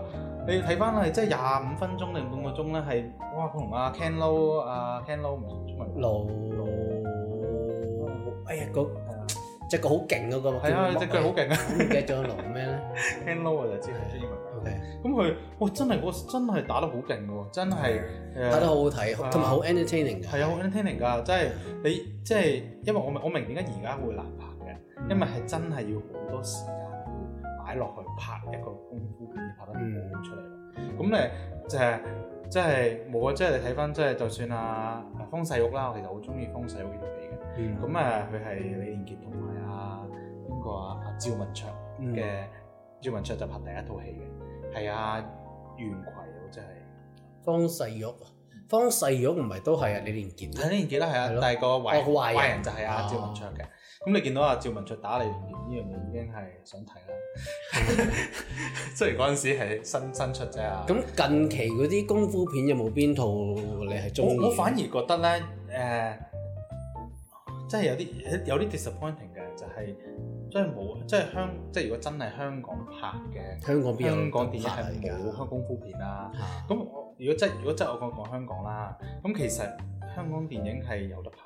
你睇翻係即係廿五分鐘定半個鐘咧？係哇！佢同阿 Ken Lo 阿 Ken Lo 唔同。路哎呀，哥！隻腳好勁嗰個，係啊！隻腳好勁啊！叫張龍咩咧？Ken Lo 我就知係。O K，咁佢，哇！真係嗰真係打得好勁喎，真係打得好好睇，同埋好 entertaining 嘅。係啊，好 entertaining 㗎，真係你即係，因為我我明點解而家會難拍嘅，因為係真係要好多時間擺落去拍一個功夫片，拍得好好出嚟。咁咧就係。即係冇啊！即係你睇翻，即係就算啊。方世玉啦，我其實好中意方世玉呢套戲嘅。咁、嗯、啊，佢係李連杰同埋啊，邊個啊？阿趙文卓嘅、嗯、趙文卓就拍第一套戲嘅，係啊。袁葵，我真、就、係、係。方世玉，方世玉唔係都係啊？李連杰，係李連杰啦，係啊，啊但係個壞、哦、壞人就係啊。趙文卓嘅。啊。咁、嗯、你見到阿、啊、趙文卓打嚟連連呢樣嘢已經係想睇啦。雖然嗰陣時係新新出啫、啊。咁近期嗰啲功夫片有冇邊套你係中意？我，我反而覺得咧，誒、呃，真係有啲有啲 disappointing 嘅，就係即係冇，即係香，即係如果真係香港拍嘅，香港邊有香港電影係冇香功夫片啦。咁、啊啊、我如果真如果真我講講香港啦，咁其實香港電影係有得拍。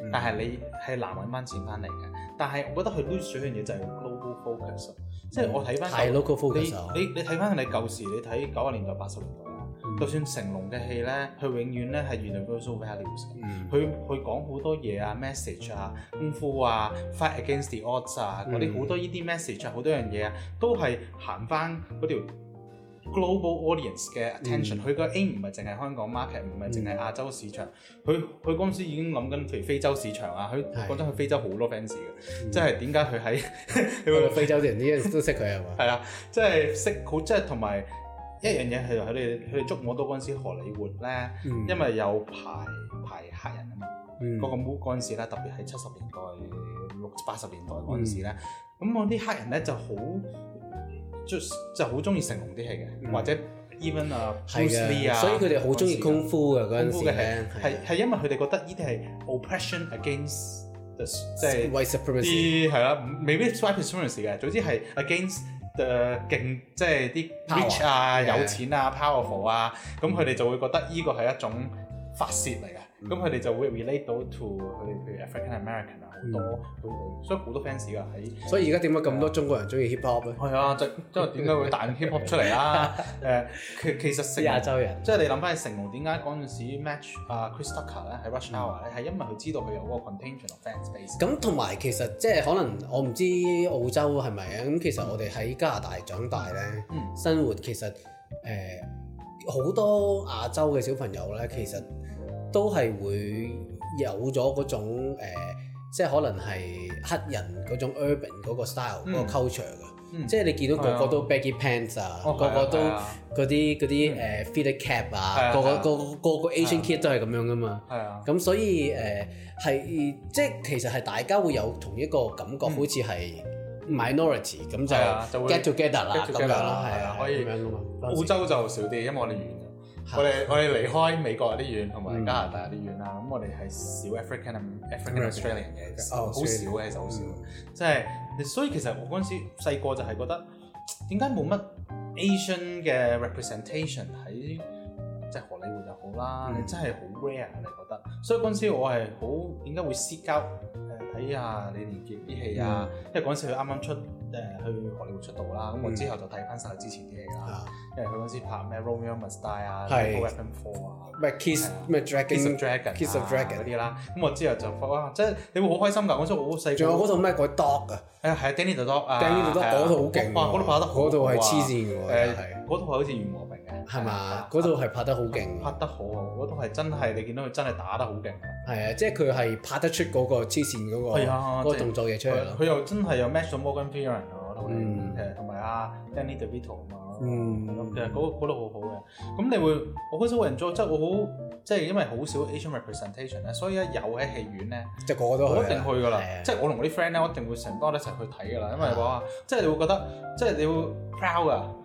嗯、但係你係難揾翻錢翻嚟嘅，但係我覺得佢孭住一樣嘢就係、嗯、local focus，即係我睇翻你、uh. 你你睇翻你舊時你睇九十年代八十年代啦，嗯、就算成龍嘅戲咧，佢永遠咧係原來嗰啲、so、values，佢佢講好多嘢啊 message 啊功夫啊 fight against the odds 啊嗰啲好多呢啲 message 啊，好多樣嘢啊，都係行翻嗰條。Global audience 嘅 attention，佢個、嗯、aim 唔係淨係香港 market，唔係淨係亞洲市場。佢佢嗰陣時已經諗緊譬如非洲市場啊！佢覺得佢非洲好多 fans 嘅，即係點解佢喺非洲啲人都識佢係嘛？係啦，即係識好即係同埋一樣嘢係佢哋佢哋捉我多嗰陣時荷里活咧，嗯、因為有排排客人啊嘛。嗰個 movie 嗰時咧，特別係七十年代六八十年代嗰陣時咧，咁我啲客人咧就好，就好中意成龍啲戲嘅，或者 even 啊、啊，所以佢哋好中意功夫嘅功夫嘅，係係係，因為佢哋覺得呢啲係 oppression against 即係 white supremacy 係啦，未必 white supremacy 嘅，總之係 against 誒、勁，即係啲 rich 啊有錢啊的 powerful 啊，咁佢哋就會覺得呢個係一種發洩嚟嘅。咁佢哋就會 relate 到 to 佢哋，譬如 African American 啊，好多，嗯、多所以好多 fans 噶喺。所以而家點解咁多中國人中意 hip hop 咧？係啊，就即係點解會帶 hip hop 出嚟啦？誒、就是，其實亞洲人，即係你諗翻，成龍點解嗰陣時 match 阿 Chris Tucker 咧喺 Rush Hour 咧，係因為佢知道佢有嗰個 contingent fans base。咁同埋其實即係可能我唔知澳洲係咪啊？咁其實我哋喺加拿大長大咧，嗯、生活其實誒好、呃、多亞洲嘅小朋友咧，其實。都係會有咗種誒即係可能係黑人嗰種 urban 嗰個 style 個 culture 嘅，即係你見到個個都 baggy pants 啊，個個都啲啲誒 fitted cap 啊，個個個個 Asian kid 都係咁樣噶嘛。係啊，咁所以誒係即係其實係大家會有同一個感覺好似係 minority 咁就 get together 啦。係啊，可以。咁樣嘛，澳洲就少啲，因為我哋 我哋我哋離開美國有啲遠，同埋加拿大有啲遠啦。咁、嗯、我哋係少 African、啊、African Australian 嘅的，好少嘅，其實好少。即係，所以其實我嗰陣時細個就係覺得，點解冇乜 Asian 嘅 representation 喺即係、就是、荷里活又好啦？你、嗯、真係好 rare、啊、你覺得。所以嗰陣時我係好點解會 seek out 誒睇下李連杰啲戲啊？啊嗯、因為嗰陣時佢啱啱出。誒去荷里活出道啦，咁我之後就睇翻晒之前啲嘢啦，因為佢陣時拍咩《Romeo Must Die》啊，《Batman 4》啊，咩《Kiss》咩《Dragon》《Kiss of Dragon》啲啦，咁我之後就哇，即係你會好開心㗎，我真係好細，仲有套咩《Guard Dog》啊？誒係啊，《Danny the Dog》啊，嗰套好勁哇！嗰套拍得好，嗰套係黐線嘅，係，嗰套係好似。係嘛？嗰度係拍得好勁，拍得好啊！嗰度係真係你見到佢真係打得好勁啊！係啊，即係佢係拍得出嗰個黐線嗰個嗰個動作嘢出嚟。佢又真係有 match 到 Morgan Freeman 啊，同埋同埋啊 Danny DeVito 啊嘛。嗯，其實嗰嗰都好好嘅。咁你會，我嗰陣時個人做，即係我好，即係因為好少 Asian representation 咧，所以一有喺戲院咧，即係個個都一定去㗎啦。即係我同我啲 friend 咧，我一定會成班一齊去睇㗎啦。因為我即係會覺得，即係你會 proud 噶。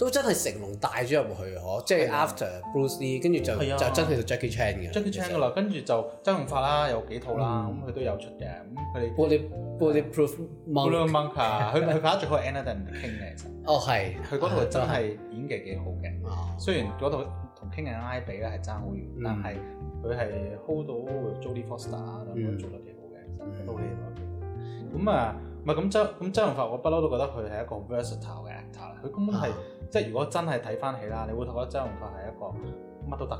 都真係成龍帶咗入去，嗬！即係 After Bruce Lee，跟住就就真係 Jackie Chan 嘅。Jackie Chan 嘅啦，跟住就周潤發啦，有幾套啦，咁佢都有出嘅。咁佢 Bullet Bulletproof Monk，佢佢拍得最好係 Anna and the King 咧，就哦係，佢嗰套真係演技幾好嘅。雖然嗰套同 King and I 比咧係爭好遠，但係佢係 hold 到 Jodie Foster 啦，咁做得幾好嘅，真係一部戲入邊。咁啊，唔係咁周咁周潤發，我不嬲都覺得佢係一個 versatile 嘅 actor，佢根本係。即係如果真係睇翻起啦，你會覺得周潤發係一個乜都得，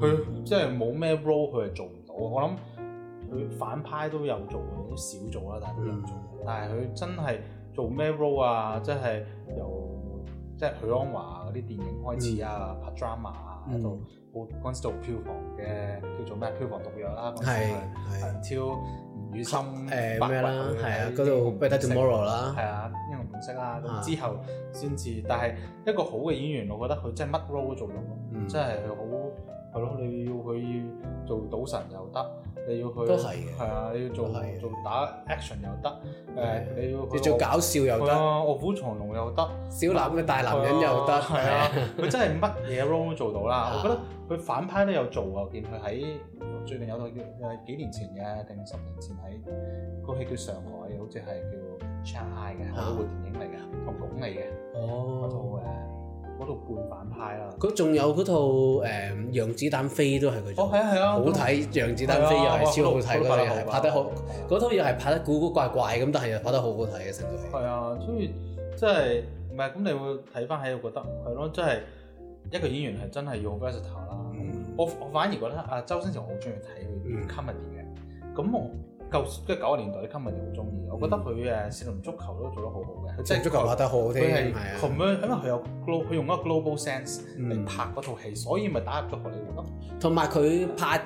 佢、嗯、即係冇咩 role 佢係做唔到。嗯、我諗佢反派都有做，少做啦，但係都有做。但係佢、就係嗯、真係做咩 role 啊？即係由即係許鞍華嗰啲電影開始啊，嗯、拍 drama 啊，喺度嗰陣時做票房嘅，叫做咩？票房毒藥啦、啊，嗰陣時與心白、啊呃、啦，係他啊，嗰度 Better Tomorrow 啦，係啊，因為我唔識啦，之後先至。但係一個好嘅演員，我覺得佢真係乜 role 都做到咯，即係佢好係咯。你要佢做賭神又得。你要去，都係嘅，係啊！你要做做打 action 又得，誒你要你做搞笑又得，臥虎藏龍又得，小男嘅大男人又得，係啊！佢真係乜嘢 role 都做到啦。我覺得佢反派都有做啊。見佢喺最近有套叫，誒幾年前嘅定十年前喺個戲叫上海，好似係叫上海嘅嗰部電影嚟嘅，同鞏俐嘅哦嗰套誒。嗰套半反派啦，佢仲有嗰套誒《讓子彈飛》都係佢。哦，係啊，係啊，好睇，《讓子彈飛》又係超好睇㗎啦，拍得好。嗰套嘢係拍得古古怪怪咁，但係又拍得好好睇嘅程度。係啊，所以真係唔係咁，你會睇翻喺度覺得係咯，真係一個演員係真係用好 versatile 啦。我我反而覺得阿周星馳好中意睇佢啲 comedy 嘅，咁我。舊即係九十年代，啲今日哋好中意。我覺得佢誒《少林足球》都做得好好嘅，即係足球拍得好好嘅。佢係咁樣，因為佢有佢用一個 global sense 嚟拍嗰套戲，所以咪打入咗荷里活咯。同埋佢拍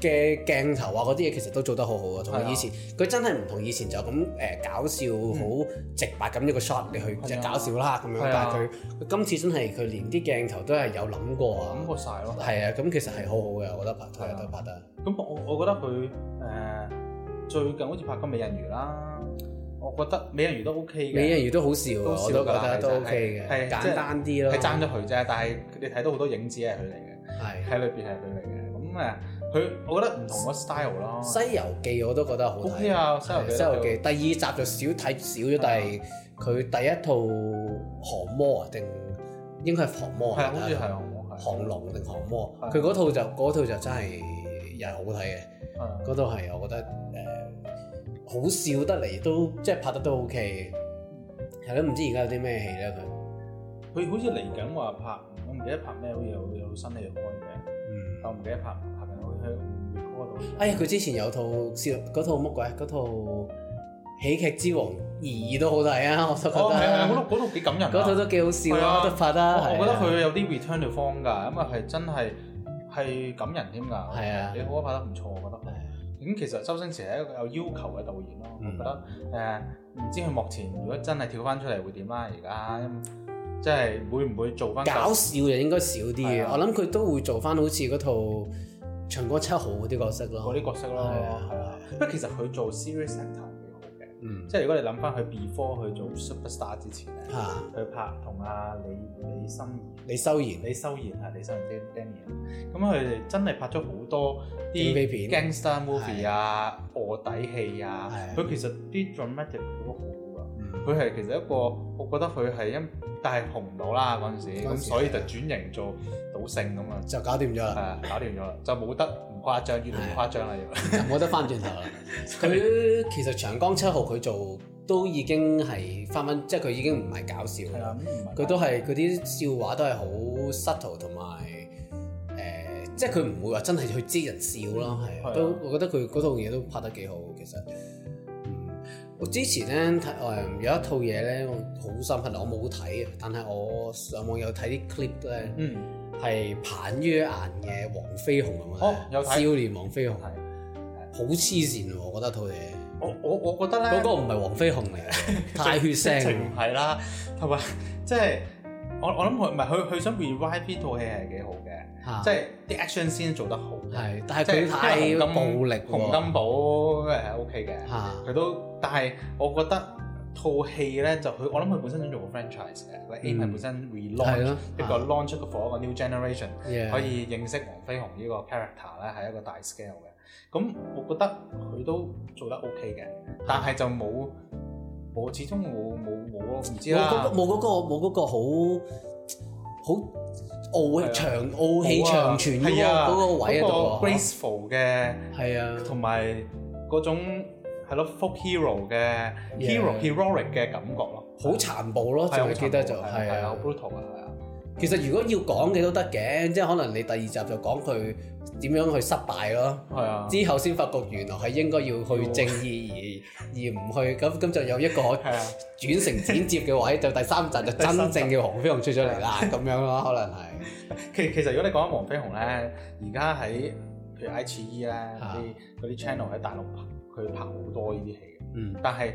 嘅鏡頭啊，嗰啲嘢其實都做得好好啊。同埋以前佢真係唔同以前就咁誒搞笑，好直白咁一個 shot 你去即係搞笑啦咁樣。但係佢今次真係佢連啲鏡頭都係有諗過。諗過晒咯。係啊，咁其實係好好嘅，我覺得拍都都拍得。咁我我覺得佢誒。最近好似拍個美人魚啦，我覺得美人魚都 O K 嘅，美人魚都好笑，我都覺得都 O K 嘅，係簡單啲咯，係爭咗佢啫。但係你睇到好多影子係佢嚟嘅，係喺裏邊係佢嚟嘅。咁誒，佢我覺得唔同個 style 咯。西遊記我都覺得好睇啊！西西遊記第二集就少睇少咗，但係佢第一套降魔啊，定應該係降魔係，好似係降龍定降魔，佢嗰套就嗰套就真係又係好睇嘅，嗰套係我覺得。好笑得嚟都即係拍得都 OK，係咯，唔知而家有啲咩戲咧佢？佢好似嚟緊話拍，我唔記得拍咩，好似有有新嘅嘢嘅。嗯，但我唔記得拍拍拍得拍拍緊喺喺唔記得度。哎呀，佢之前有套笑嗰套乜鬼？嗰套喜劇之王二都好睇啊，我都覺得。哦，嗰套嗰套幾感人。嗰套都幾好笑啊，的都拍得。我覺得佢有啲 return to form 㗎，咁啊係真係係感人添㗎。係啊的，你好啊，拍得唔錯，我覺得。咁其實周星馳係一個有要求嘅導演咯，嗯、我覺得誒唔、嗯、知佢目前如果真係跳翻出嚟會點啦，而家即係會唔會做翻搞笑就應該少啲嘅，的我諗佢都會做翻好似嗰套《長江七號》嗰啲角色咯，嗰啲角色咯，係啊，不過其實佢做 series 成套。嗯即，即係如果你諗翻去 B 科去做 superstar 之前咧，佢、啊、拍同阿、啊、李李心、李修賢、李修賢、啊李修賢 Danny，咁佢哋真係拍咗好多啲 gangster movie 是的 啊、臥底戲啊，佢其實啲 dramatic 都好。佢係其實一個，我覺得佢係因但係紅到啦嗰陣時，咁所以就轉型做賭聖咁啊，就搞掂咗啦，搞掂咗啦，就冇得唔誇張，越嚟越誇張啦，就冇 得翻轉頭啦。佢其實長江七號佢做都已經係翻翻，即係佢已經唔係搞笑，佢、嗯、都係嗰啲笑話都係好 subtle 同埋誒，即係佢唔會話真係去知人笑囉。係的的都，我覺得佢嗰套嘢都拍得幾好，其實。我之前咧誒有一套嘢咧，我好深刻，我冇睇啊，但係我上網有睇啲 clip 咧，係彭于晏嘅《黃飛鴻》咁啊、哦，有少年黃飛鴻，係好黐線我覺得套嘢。我我覺得咧，嗰個唔係黃飛鴻嚟嘅，太血腥。係 啦，同埋即係我我諗佢唔係佢佢想 revive 套戲係幾好嘅，即係啲 action 先做得好。係，但係佢太暴力。洪金寶誒 O K 嘅，佢都。但係我覺得套戲咧就佢，我諗佢本身想做個 franchise 嘅，嗱 A 片本身 relaunch 一個 launchfor a new generation 可以認識黃飛鴻呢個 character 咧係一個大 scale 嘅。咁我覺得佢都做得 OK 嘅，但係就冇我始終冇冇冇咯，唔知啊，冇嗰個冇嗰個好好傲長傲氣長存嘅嗰個位喺度啊，graceful 嘅，係啊，同埋嗰種。係咯，folk hero 嘅 hero、heroic 嘅感覺咯，好殘暴咯，就記得就係啊，brutal 啊，係啊。其實如果要講嘅都得嘅，即係可能你第二集就講佢點樣去失敗咯，係啊。之後先發覺原來係應該要去正義而而唔去，咁咁就有一個轉成剪接嘅位，就第三集就真正嘅黃飛鴻出咗嚟啦，咁樣咯，可能係。其其實如果你講緊黃飛鴻咧，而家喺譬如 I E 咧啲嗰啲 channel 喺大陸佢拍好多呢啲戲，嗯，但係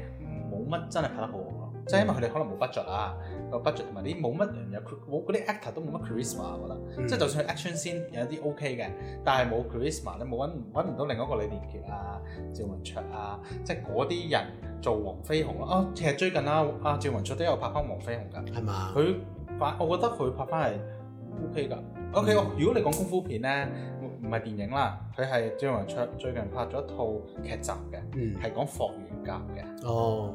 冇乜真係拍得好好咯，即係、嗯、因為佢哋可能冇 budget 啦，個 budget 同埋啲冇乜人有冇嗰啲 actor 都冇乜 charisma，、嗯、我覺得，即係就算 action 先有一啲 OK 嘅，但係冇 charisma，你冇搵搵唔到另一個李連杰啊、趙文卓啊，即係嗰啲人做黃飛鴻咯，啊、哦，其實最近啊，阿趙文卓都有拍翻黃飛鴻噶，係嘛嗎？佢反，我覺得佢拍翻係 OK 噶、嗯、，OK、哦、如果你講功夫片咧。唔係電影啦，佢係最近出最近拍咗一套劇集嘅，係講霍元甲嘅。的哦，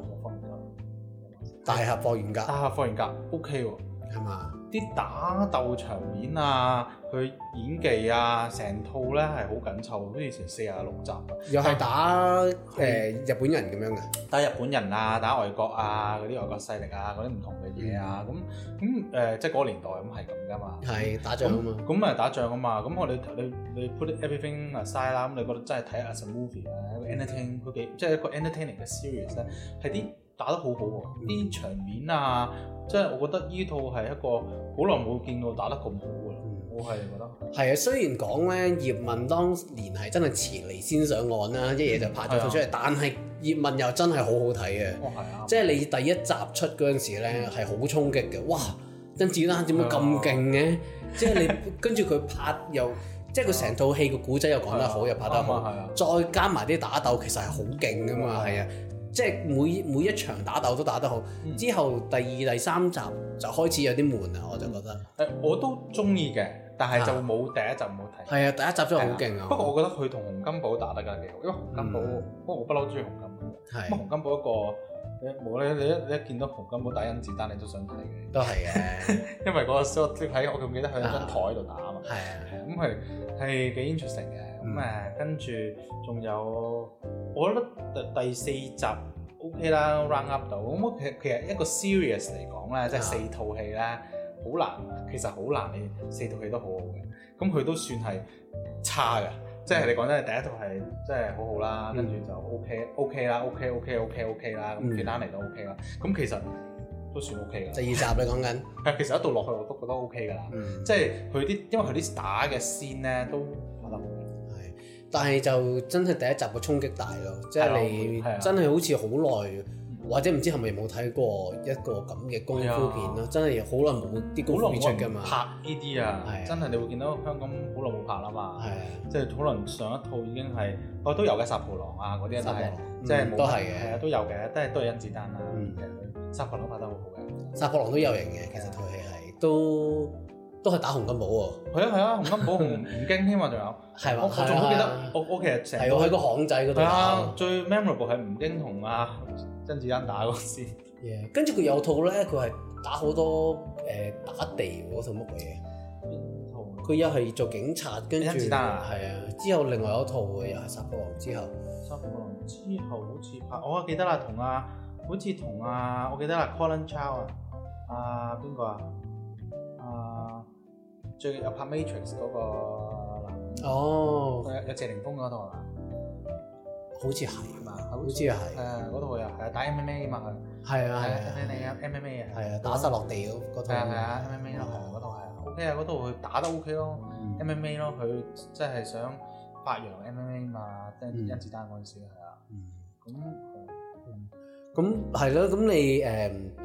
大俠霍元甲。大俠霍元甲，OK 喎。係、okay、嘛？啲打鬥場面啊，佢演技啊，成套咧係好緊湊，好似成四十六集。又係打誒是、呃、日本人咁樣嘅？打日本人啊，打外國啊，嗰啲外國勢力啊，嗰啲唔同嘅嘢啊，咁咁誒，即係嗰個年代咁係咁噶嘛。係打仗啊嘛。咁咪打仗啊嘛。咁我哋，你你 put everything aside 啦，咁你覺得真係睇 as a movie 啊，entertaining 嗰幾，即係一個 entertaining 嘅 series 咧、啊，係啲打得好好喎，啲場面啊。即係我覺得依套係一個好耐冇見到打得咁好嘅，我係覺得。係啊，雖然講咧，葉問當年係真係遲嚟先上岸啦，一嘢就拍咗套出嚟。啊、但係葉問又真係好好睇嘅，哦啊、即係你第一集出嗰陣時咧係好衝擊嘅，哇！甄子丹點解咁勁嘅？是啊、 即係你跟住佢拍又，即係佢成套戲個古仔又講得好，啊、又拍得好，啊啊、再加埋啲打鬥其實係好勁噶嘛，係啊。即係每每一場打鬥都打得好，嗯、之後第二第三集就開始有啲悶啦，我就覺得。誒、嗯，我都中意嘅，但係就冇第一集冇睇。係啊，第一集真係好勁啊！不過我覺得佢同洪金寶打得更加幾好，因為洪金寶，不過、嗯、我不嬲中意洪金寶。係、啊。洪金寶一個，你冇咧？你一你一見到洪金寶打甄子丹，你都想睇嘅。都係嘅、啊，因為嗰個 shot 喺我記唔記得喺張台度打啊嘛。係啊，係啊，咁佢係幾 interesting 嘅。咁誒，跟住仲有，我覺得第四集 O K 啦，round up 到咁。其實其實一個 series 嚟講咧，即係、嗯、四套戲咧，好難，其實好難。你四套戲都好好嘅，咁佢都算係差嘅，即係你講真，第一套係即係好好啦，嗯、跟住就 O K O K 啦，O K O K O K O K 啦，咁其他嚟都 O K 啦。咁其實都算 O K 嘅。第二集你講緊，其實一路落去我都覺得 O K 㗎啦，嗯、即係佢啲因為佢啲打嘅 scene 咧都打得但係就真係第一集個衝擊大咯，即係你真係好似好耐，的或者唔知係咪冇睇過一個咁嘅功夫片咯，的真係好耐冇啲功夫片出㗎嘛。拍呢啲啊，的真係你會見到香港好耐冇拍啦嘛。係啊的，即係可能上一套已經係，不過都有嘅《殺破狼》啊嗰啲，但係即係冇拍。都係嘅，係啊都有嘅，都係都係甄子丹啦。嗯，《殺破狼》拍得好好嘅，《殺破狼》都有型嘅，的其實套戲係都。都係打洪金寶喎，哦，係啊係啊，洪金寶同吳京添啊仲有，係嘛？我仲好記得，啊、我我其實成日，係我喺個巷仔嗰度，係啊，啊的最 memorable 係吳京同啊甄子丹打嗰次，yeah, 跟住佢有套咧，佢係打好多誒、呃、打地嗰套乜嘢？邊套佢一係做警察，跟住甄子丹啊，係啊，之後另外有套嘅又係殺破狼之後，殺破狼之後好似拍，我記得啦，同啊好似同啊，我記得啦，Colin Chow 啊，啊邊個啊？最近有拍 matrix 嗰個啦，哦，有有謝霆鋒嗰套啊，好似係啊嘛，好似係，誒嗰套啊，係打 MMA 嘅嘛？係啊係啊，MMA 啊 MMA 啊，係啊打實落地咯嗰套，係啊 MMA 咯係啊嗰套係，OK 啊嗰套佢打得 OK 咯，MMA 咯佢即係想發揚 MMA 嘛，甄甄子丹嗰陣時係啊，咁，咁係咯，咁你誒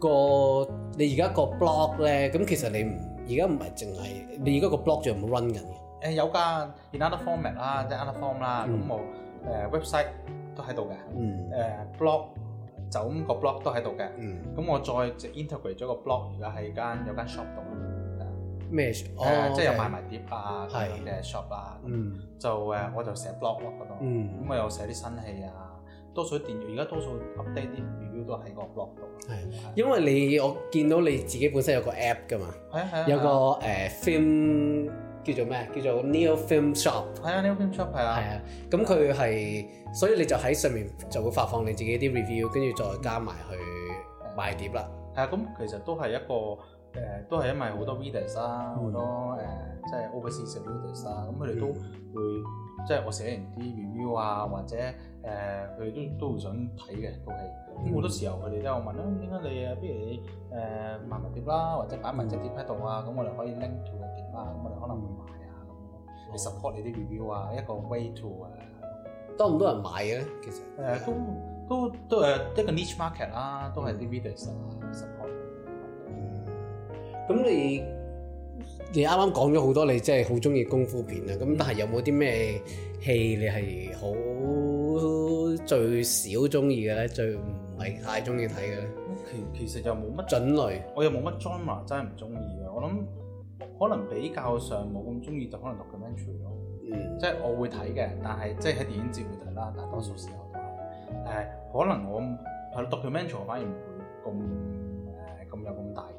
個你而家個 blog 咧，咁其實你唔～而家唔係淨係，你而家個 blog 仲有冇 run 緊嘅？誒有間，another format 啦，即係 another form 啦。咁我誒 website 都喺度嘅。誒 blog 就咁個 blog 都喺度嘅。咁我再 integrate 咗個 blog，而家喺間有間 shop 度。咩誒？即係又賣埋碟啊咁樣嘅 shop 啊。就誒，我就寫 blog 咯嗰度。咁我又寫啲新戲啊。多數電源而家多數 update 啲 review 都喺個 blog 度，係的的因為你我見到你自己本身有個 app 㗎嘛，係啊係啊，有個誒的、uh, film 叫做咩叫做 Neo Film Shop，係啊 Neo Film Shop 係啊，係啊，咁佢係所以你就喺上面就會發放你自己啲 review，跟住再加埋去賣碟啦。係啊，咁其實都係一個。誒都係因為好多 readers 啊、嗯，好多誒即係 overseas readers 啊，咁佢哋都會、嗯、即係我寫完啲 review 啊，或者誒佢哋都都會想睇嘅，都係好多時候佢哋都有問啦，點解你啊，不如誒賣、呃、物碟啦，或者擺埋隻碟喺度啊，咁、嗯、我哋可以 link to 嘅碟啦，咁我哋可能會買啊，咁 support、嗯、你啲 review 啊，一個 way to 誒多唔多人買嘅咧，其實誒、呃、都都都誒一個 niche market 啦、啊，都係啲 readers 啊。咁你你啱啱講咗好多，你真係好中意功夫片啊！咁但係有冇啲咩戲你係好最少中意嘅咧？最唔係太中意睇嘅咧？其其實就冇乜準類，我又冇乜 drama 真係唔中意嘅。我諗可能比較上冇咁中意，就可能 documentary 咯。嗯，即係我會睇嘅，但係即係喺電影節會睇啦。但大多數時候都係誒，可能我係 documentary 反而唔會咁誒咁有咁大。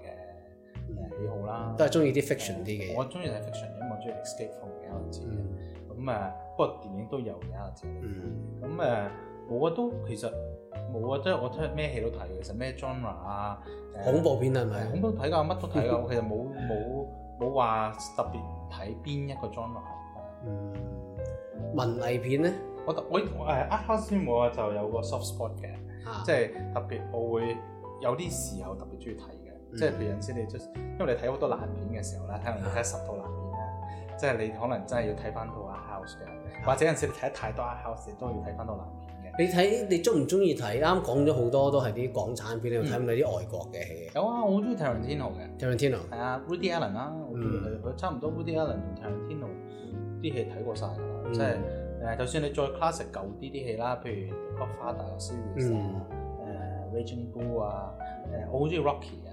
都係中意啲 fiction 啲嘅，我中意睇 fiction 因為，我中意 escape from 嘅，我知。咁啊，不過電影都有嘅，我知。咁啊，我啊都其實冇啊，即係我睇咩戲都睇，其實咩 drama 啊，re, 恐怖片係咪？恐怖都睇㗎，乜都睇㗎，我其實冇冇冇話特別睇邊一個 drama。 嗯，文藝片咧？我我誒啱開始我就有個 soft spot 嘅，即係、啊、特別我會有啲時候特別中意睇。即係，譬如有陣時你出，因為你睇好多爛片嘅時候咧，可能你睇十套爛片咧，即係你可能真係要睇翻套 House 嘅，或者有陣時你睇得太多 House，亦都要睇翻套爛片嘅。你睇你中唔中意睇，啱啱講咗好多都係啲港產片，你有睇唔睇啲外國嘅戲？有啊，我好中意睇《Tarantino》嘅，《Tarantino》Tarantino 係啊，Woody Allen 啦，我見佢佢差唔多 Woody Allen 同《Tarantino》啲戲睇過晒嘅啦，即係誒，就算你再 classic 舊啲啲戲啦，譬如《The Godfather》啊，《Sylvester》啊，《Raging Bull》啊，誒，我好中意《Rocky》啊。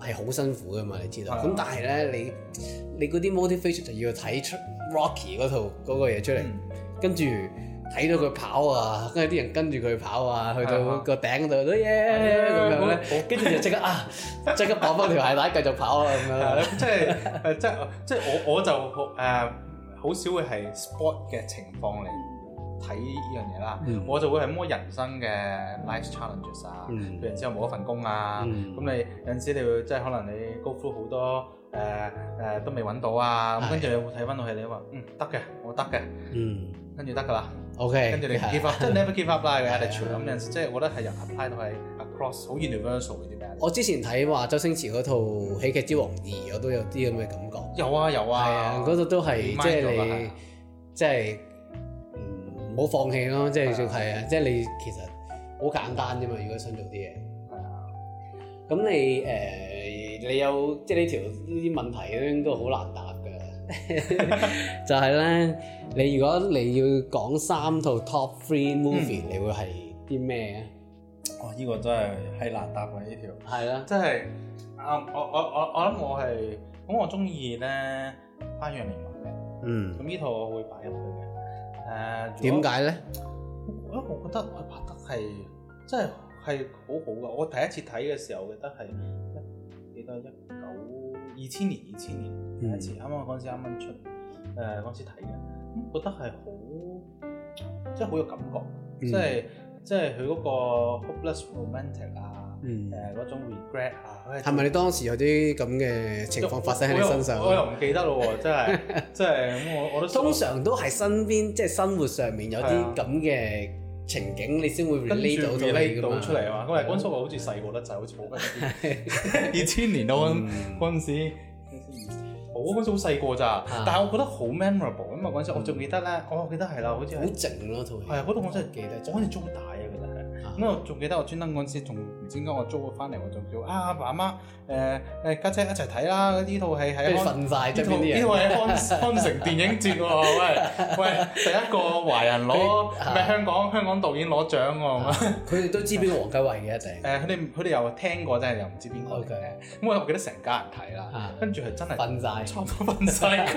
係好辛苦噶嘛，你知道咁但係咧，你你嗰啲 motivation f 就要睇出 Rocky 嗰套嗰個嘢出嚟，跟住睇到佢跑啊，跟住啲人跟住佢跑啊，去到個頂度，咁樣咧，跟住就即刻啊，即刻綁翻條鞋帶繼續跑啊咁樣，即係即即我我就誒好少會係 sport 嘅情況嚟。睇呢樣嘢啦，我就會係摸人生嘅 life challenges 啊，有陣時我冇一份工啊，咁你有陣時你即係可能你 go through 好多誒誒都未揾到啊，咁跟住你會睇翻到係你話嗯得嘅，我得嘅，嗯跟住得噶啦，OK，跟住你 keep up，即係 never keep up life 嘅，咁有陣時即係我覺得係 apply 到係 across 好 universal 嗰啲咩？我之前睇話周星馳嗰套《喜劇之王二》，我都有啲咁嘅感覺。有啊有啊，嗰度都係即係你即係。唔好放棄咯，即係仲係啊！即係你其實好簡單啫嘛。如果想做啲嘢，係啊。咁你誒，你有即係呢條呢啲問題咧，都好難答㗎。 就係咧，你如果你要講三套 Top Three Movie，嗯、你會係啲咩咧？哇、哦！依、這個真係係難答啊！呢條係啦，即係啊！我我我我諗我係咁，我中意咧《花樣年華》咧。嗯。咁呢套我會擺入去。誒，點解咧？因為我覺得佢拍得係真係係好好噶，我第一次睇嘅時候，記得係一，記得一九二千年二千年第一次，啱啱陣時啱啱出嚟誒，陣時睇嘅，咁覺得係好，即係好有感覺，嗯、即係即係佢、嗰個 hopeless romantic 啊。嗯，誒嗰種 regret 啊，係咪你當時有啲咁嘅情況發生喺你身上？我又唔記得咯喎，真係，真係咁我我都通常都係身邊即係生活上面有啲咁嘅情景，你先會 relate 到到出嚟啊嘛。因為嗰時好似細個得就好似冇乜事，二千年到嗰陣時，我嗰陣時好細個咋，但係我覺得好 memorable，因為嗰陣時我仲記得咧，我記得係啦，好似好靜嗰套，係好多我真係記得，就好似中大。咁我仲記得我專登嗰陣時，仲唔知點解我租咗翻嚟，我仲叫阿爸阿媽，誒誒家姐一齊睇啦！呢套戲喺康，邊啲？呢套呢套係康城電影節喎！喂喂，第一個華人攞，咪香港香港導演攞獎喎！佢哋都知邊個家衛嘅，一定。誒佢哋佢哋又聽過，真係又唔知邊個嘅。咁我記得成家人睇啦，跟住係真係瞓晒，差唔多瞓晒。架，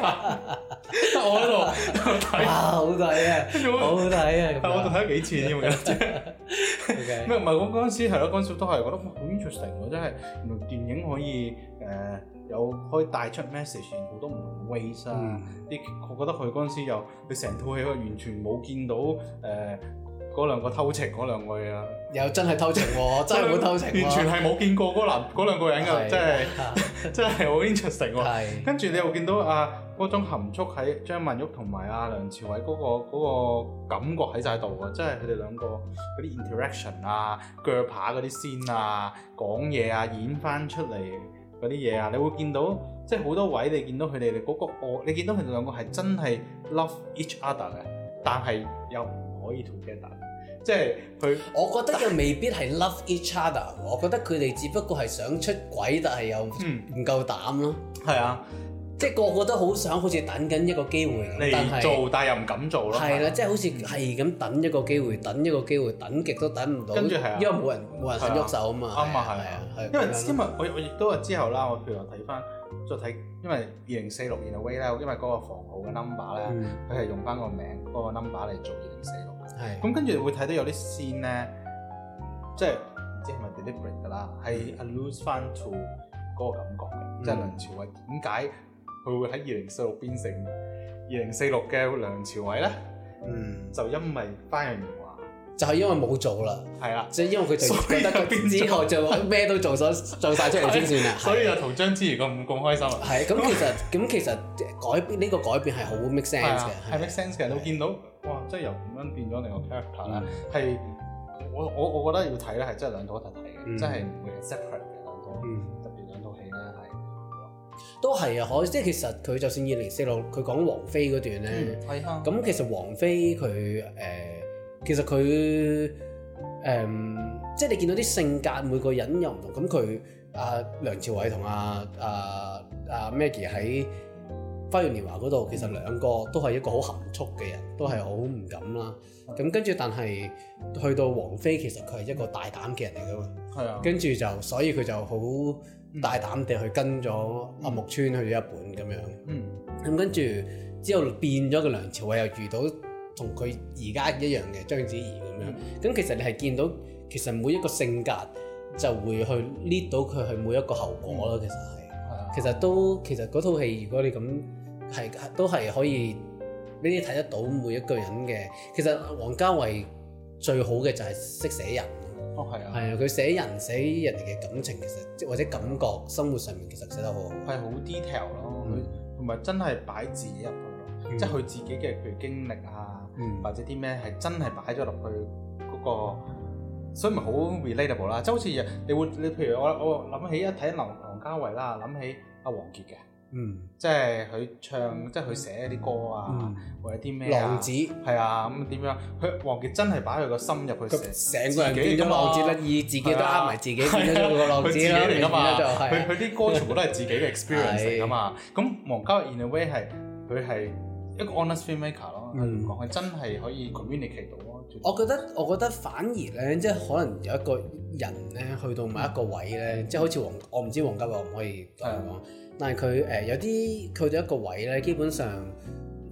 得我喺度睇。哇！好睇啊，好好睇啊！我仲睇咗幾次添喎。咩？唔係我嗰陣時係咯，嗰陣時都係覺得好 interesting 喎！真係，原來電影可以誒、呃、有可以帶出 message，好多唔同嘅 ways 啊！啲，我覺得佢嗰陣時又佢成套戲啊，完全冇見到誒嗰、呃、兩個偷情嗰兩個嘢啊！又 真係偷情喎、啊，真係冇偷情，完全係冇見過嗰男嗰兩個人㗎，是真係 真係好 interesting 喎、啊！是跟住你又見到阿。啊。嗰種含蓄喺張曼玉同埋阿梁朝偉嗰、嗰個嗰個感覺喺晒度啊，即係佢哋兩個嗰啲 interaction 啊、腳拍嗰啲線啊、講嘢啊、演翻出嚟嗰啲嘢啊，你會見到即係好多位你見到佢哋嗰個我，你見到佢哋、那個、兩個係真係 love each other 嘅，但係又唔可以 together 即係佢。我覺得佢未必係 love each other，我覺得佢哋只不過係想出軌，但係又唔夠膽咯。係、嗯、啊。即係個個都好想好似等緊一個機會嚟做，但係又唔敢做咯。係啦，即係好似係咁等一個機會，等一個機會，等極都等唔到。跟住係啊，因為冇人冇人想喐手啊嘛。啱啊，係啊，因為因為我我亦都係之後啦，我譬如話睇翻再睇，因為二零四六年嘅 way 啦，因為嗰個房號嘅 number 咧，佢係用翻個名嗰個 number 嚟做二零四六。係。咁跟住會睇到有啲線咧，即係即係唔知係咪 deliberate 噶啦，係 lose 翻 to 嗰個感覺嘅，即係梁朝偉點解？佢會喺二零四六變成二零四六嘅梁朝偉咧，嗯，mm. 就因為返人話，的就係因為冇做啦，係啦，即係因為佢覺得佢之後就咩都做咗，做晒出嚟先算啦， 所以就同張之餘咁咁開心啊，係咁其實咁 其實改變呢個改變係好 make sense 嘅，係 make sense 嘅，都見到哇，即係由咁樣變咗另外個 character 咧，mm.，係我我我覺得要睇咧係真係兩種一齊睇嘅，真係唔會係 separate 嘅兩種。Mm. 都係啊，可即係其實佢就算二零四六，佢講王菲嗰段咧，咁、嗯、其實王菲佢誒，其實佢誒、呃，即係你見到啲性格每個人又唔同，咁佢啊梁朝偉同阿啊啊，啊 Maggie 喺花樣年華嗰度，嗯、其實兩個都係一個好含蓄嘅人，都係好唔敢啦。咁跟住，但係去到王菲，其實佢係一個大膽嘅人嚟噶嘛。係啊、嗯，嗯、跟住就所以佢就好。大膽地跟去跟咗阿木村去日本咁樣，咁跟住之後變咗個梁朝偉又遇到同佢而家一樣嘅章子怡咁樣，咁、嗯、其實你係見到其實每一個性格就會去 lead 到佢去每一個後果咯，其實係，其實都其實嗰套戲如果你咁係都係可以俾你睇得到每一個人嘅，其實王家衛最好嘅就係識寫人。哦，係啊！係啊，佢寫人寫人哋嘅感情，其實即或者感覺生活上面其實寫得好好。係好 detail 咯，佢同埋真係擺自己入去咯，即係佢自己嘅譬如、嗯、經歷啊，嗯、或者啲咩係真係擺咗落去嗰個，所以咪好 relatable 啦。即係好似你會你譬如我我諗起一睇黃黃家衞啦，諗起阿王傑嘅。嗯，即係佢唱，即係佢寫啲歌啊，或者啲咩，浪子係啊，咁點樣？佢王傑真係擺佢個心入去寫，成個人幾咁啊！浪子得自己都啱埋自己，係咯，佢自己嚟噶嘛，就係佢佢啲歌全部都係自己嘅 experience 嚟噶嘛。咁王家衞呢？Way 係佢係一個 honest filmmaker 咯，講佢真係可以 communicate 到咯。我覺得我覺得反而咧，即係可能有一個人咧，去到某一個位咧，即係好似王我唔知王家衞可唔可以講？但係佢誒有啲佢到一個位咧，基本上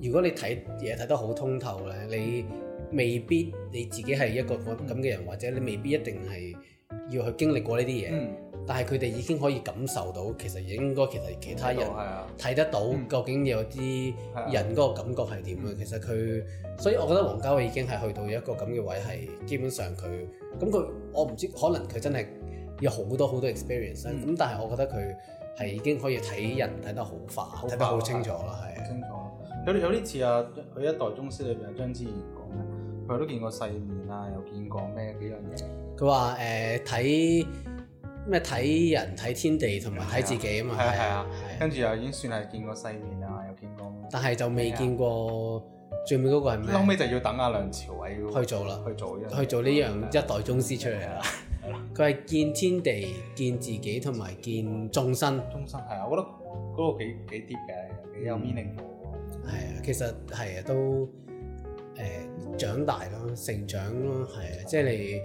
如果你睇嘢睇得好通透咧，你未必你自己係一個咁嘅人，嗯、或者你未必一定係要去經歷過呢啲嘢。嗯、但係佢哋已經可以感受到，其實應該其實其他人睇得，、嗯、得到究竟有啲人嗰個感覺係點嘅。嗯嗯、其實佢，所以我覺得王家衛已經係去到一個咁嘅位，係基本上佢咁佢，我唔知可能佢真係有好多好多 experience 咁、嗯、但係我覺得佢。係已經可以睇人睇得好化，睇得好清楚啦，係啊！清楚。有有啲似啊，佢一代宗師裏邊張之賢講嘅，佢都見過世面啊，又見過咩幾樣嘢。佢話誒睇咩睇人睇天地同埋睇自己啊嘛，係啊，係啊。跟住又已經算係見過世面啊，又見過。但係就未見過最尾嗰個係咩？後尾就要等阿梁朝偉去做啦，去做去做呢樣一代宗師出嚟啦。佢係見天地、見自己同埋見眾生。眾生，係啊，我覺得嗰個幾啲嘅，幾有 meaning 喎。係啊，其實係啊，都誒、呃、長大咯，成長咯，係啊，即、就、係、是、你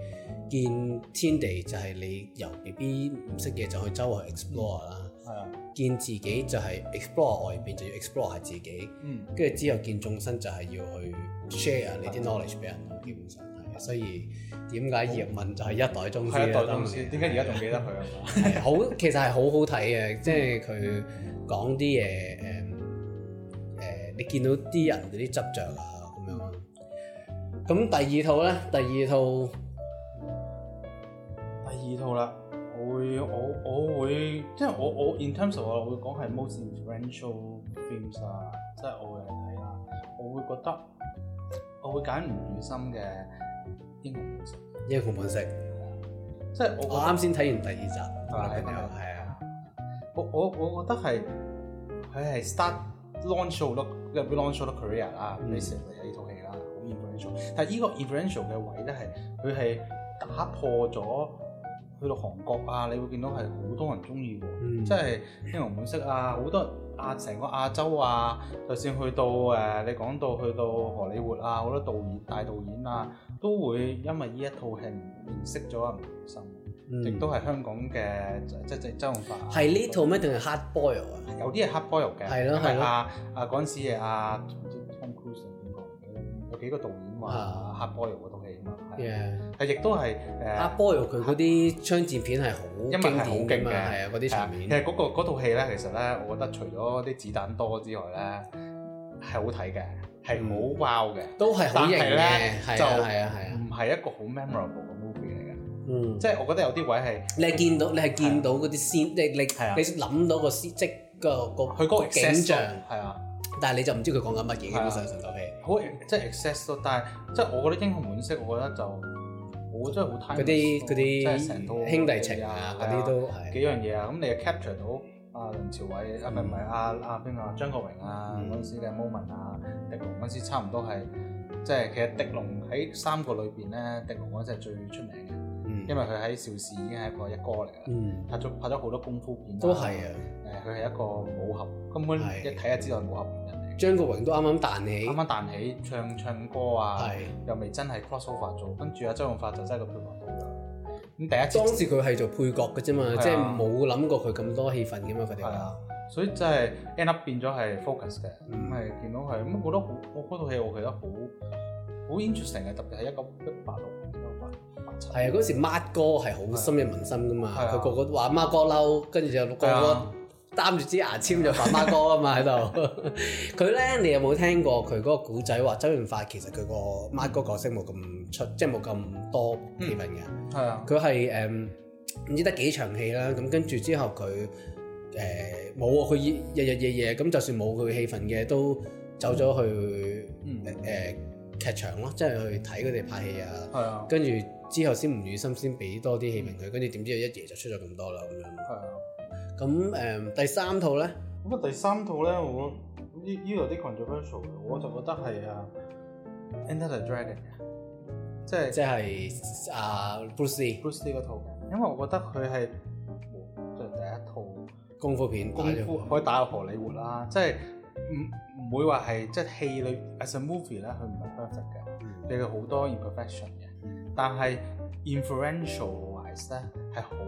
見天地就係你由未必唔識嘢就去周圍 explore 啦。係啊的。見自己就係 explore 外邊，就要 explore 下自己。嗯。跟住之後見眾生就係要去 share 你啲 knowledge 俾、嗯、人。基本上。所以點解葉問就係一代宗師咧？一代宗師點解而家仲記得佢啊？好，其實係好好睇嘅，即係佢講啲嘢誒誒，你見到啲人嗰啲執著啊咁樣。咁第二套咧，第二套第二套啦，我會我我會即係我我 in terms of 我會講係 most influential films 啊，即係我會嚟睇啦，我會覺得我會揀吳宇森嘅。英雄本色，英雄本色，即係我啱先睇完第二集，係啊，係啊，嗯、我我我覺得係佢係 start launch 咗好多，入邊 launch 咗好多 career 啊，basic 呢套戲啦，好 influential，但係呢個 influential 嘅位咧係佢係打破咗去到韓國啊，你會見到係好多人中意喎，嗯、即係英雄本色啊，好多亞成個亞洲啊，就算去到誒你講到去到荷里活啊，好多導演大導演啊。都會因為呢一套戲認識咗阿吳宇森，亦都係香港嘅即即周潤發。係呢套咩？定係 Hard Boiled 啊？有啲係 Hard Boiled 嘅，係阿阿嗰陣時嘅阿 Tom Cruise，邊個？有幾個導演話 Hard Boiled 嗰套戲啊嘛，係。係亦都係誒。Hard Boiled 佢嗰啲槍戰片係好因為好經典嘅，係啊嗰啲場面。其實嗰套戲咧，其實咧，我覺得除咗啲子彈多之外咧，係好睇嘅。係冇爆嘅，都係好型嘅，就係啊，係啊，唔係一個好 memorable 嘅 movie 嚟嘅。嗯，即係我覺得有啲位係你係見到，你係見到嗰啲先，即係你你諗到個先即個個佢嗰景象係啊，但係你就唔知佢講緊乜嘢，基本上成套戲好即係 excess 咯。但係即係我覺得英雄本色，我覺得就我真係好睇。嗰啲嗰啲兄弟情啊，嗰啲都幾樣嘢啊。咁你係 capture 到。阿梁朝偉，啊唔係唔係，阿阿邊個啊？張國榮啊，嗰陣時嘅 moment 啊，狄龍嗰陣時差唔多係，即係其實狄龍喺三個裏邊咧，狄龍嗰陣時係最出名嘅，因為佢喺邵氏已經係一個一哥嚟噶啦，拍咗拍咗好多功夫片。都係啊！誒，佢係一個武俠，根本一睇就知道係武俠人嚟。張國榮都啱啱彈起，啱啱彈起唱唱歌啊，又未真係 cross over 做，跟住阿周潤發就真係個票房王。咁第一次，當時佢係做配角嘅啫嘛，的即係冇諗過佢咁多戲份嘅嘛，佢哋啊。所以真係 end up 變咗係 focus 嘅，唔係見到係咁覺得好。我嗰套戲我覺得好好 interesting 嘅，特別係一九一八六年八八七。係啊，嗰 時孖哥係好深入民心㗎嘛，佢的個的個話孖哥嬲，跟住就個個。擔住支牙籤就扮孖哥啊嘛喺度，佢咧 你有冇聽過佢嗰個故仔話，周潤發其實佢個孖哥角色冇咁出，即係冇咁多戲份嘅。係、嗯、啊，佢係誒唔知得幾場戲啦。咁跟住之後佢誒冇啊，佢、呃、日日夜夜咁，就算冇佢戲份嘅都走咗去誒、嗯呃、劇場咯，即係去睇佢哋拍戲啊。係啊，跟住之後先吳宇森，先俾多啲戲份佢，跟住點知佢一夜就出咗咁多啦咁樣。係、嗯、啊。咁誒第三套咧？咁啊第三套咧，我呢呢度啲 controversial 咧，我就覺得係啊，Enter the Dragon，即係即係啊，Bruce，Bruce 嗰套，因為我覺得佢係作為第一套功夫片，功夫可以打入荷里活啦，即係唔唔會話係即係戲裏，as a movie 咧，佢唔係 perfect 嘅，佢好多 imperfection 嘅，但係 influential wise 咧係好。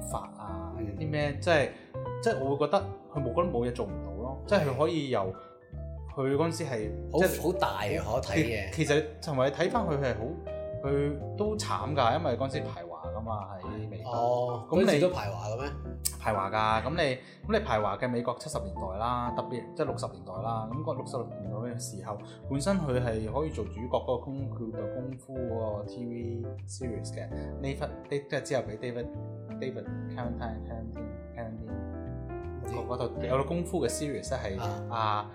法啊，有啲咩，即係即係我會覺得佢冇覺得冇嘢做唔到咯，的即係佢可以由佢陣時係係好好大嘅，啊，可睇嘅。其實同埋你睇翻佢係好，佢都慘㗎，因為陣時排，咁啊，喺美國，咁你都排華嘅咩？排華㗎，咁你咁你排華嘅美國七十年代啦，特別即係六十年代啦。咁個六十年代嘅時候，本身佢係可以做主角嗰個叫《功夫》個 TV series 嘅。呢忽呢，即係之後俾 David David Carradine Carradine Carradine，我嗰度有個功夫嘅 series 係阿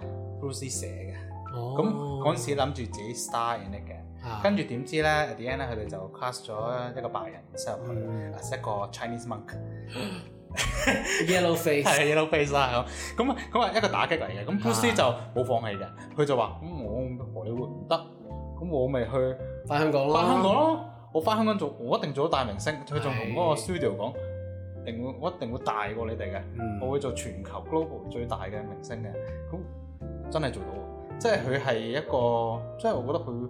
Bruce 寫嘅。咁嗰陣時諗住自己 star in it 嘅。啊、跟住點知咧？At the end 咧，佢哋就 cast 咗一個白人入去，set 個 Chinese monk、啊、yellow face 係 yellow face 係咁咁啊，嗯嗯、一個打擊嚟嘅。咁 Pushy、啊、就冇放棄嘅，佢就話：咁我何嘢會唔得？咁我咪去返香港咯，返、啊、香港咯。我返香港做，我一定做到大明星。佢仲同嗰個 studio 講，定會我一定會大過你哋嘅。嗯、我會做全球 global 最大嘅明星嘅。咁真係做到，即係佢係一個，即、就、係、是、我覺得佢。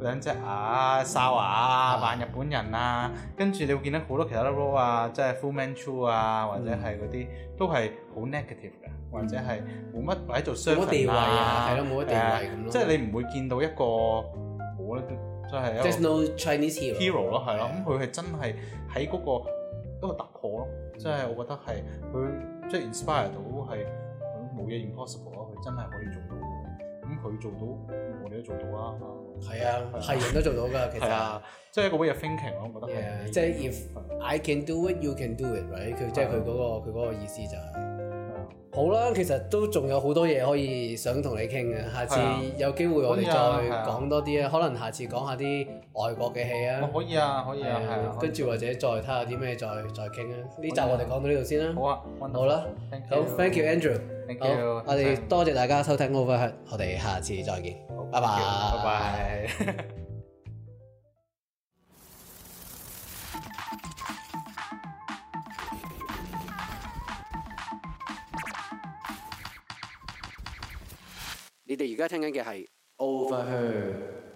兩隻牙，哨牙，扮日本人啊！跟住你會見到好多其他啲 role 啊，即係 Fu Manchu 啊，或者係嗰啲都係好 negative 嘅，或者係冇乜擺做雙。冇乜地位啊，係咯，冇乜地位咁咯。即係你唔會見到一個冇，即係。There's no Chinese hero 咯，係咯。咁佢係真係喺嗰個嗰個突破咯，即係我覺得係佢即係 inspire 到係佢冇嘢 impossible 咯，佢真係可以做到。咁佢做到，我哋都做到啦。係啊，係人都做到㗎，其實。即係一個 way of thinking，我覺得係。即係 if I can do it, you can do it，佢即係佢嗰個佢嗰個意思就係。好啦，其實都仲有好多嘢可以想同你傾嘅，下次有機會我哋再講多啲啊。可能下次講下啲外國嘅戲啊。可以啊，可以啊，係。跟住或者再睇下啲咩，再再傾啊。呢集我哋講到呢度先啦。好啊，好啦，好，thank you Andrew。我哋多謝大家收聽 Over Her，我哋下次再見，拜拜。okay，拜拜。你哋而家聽緊嘅係 Over Her。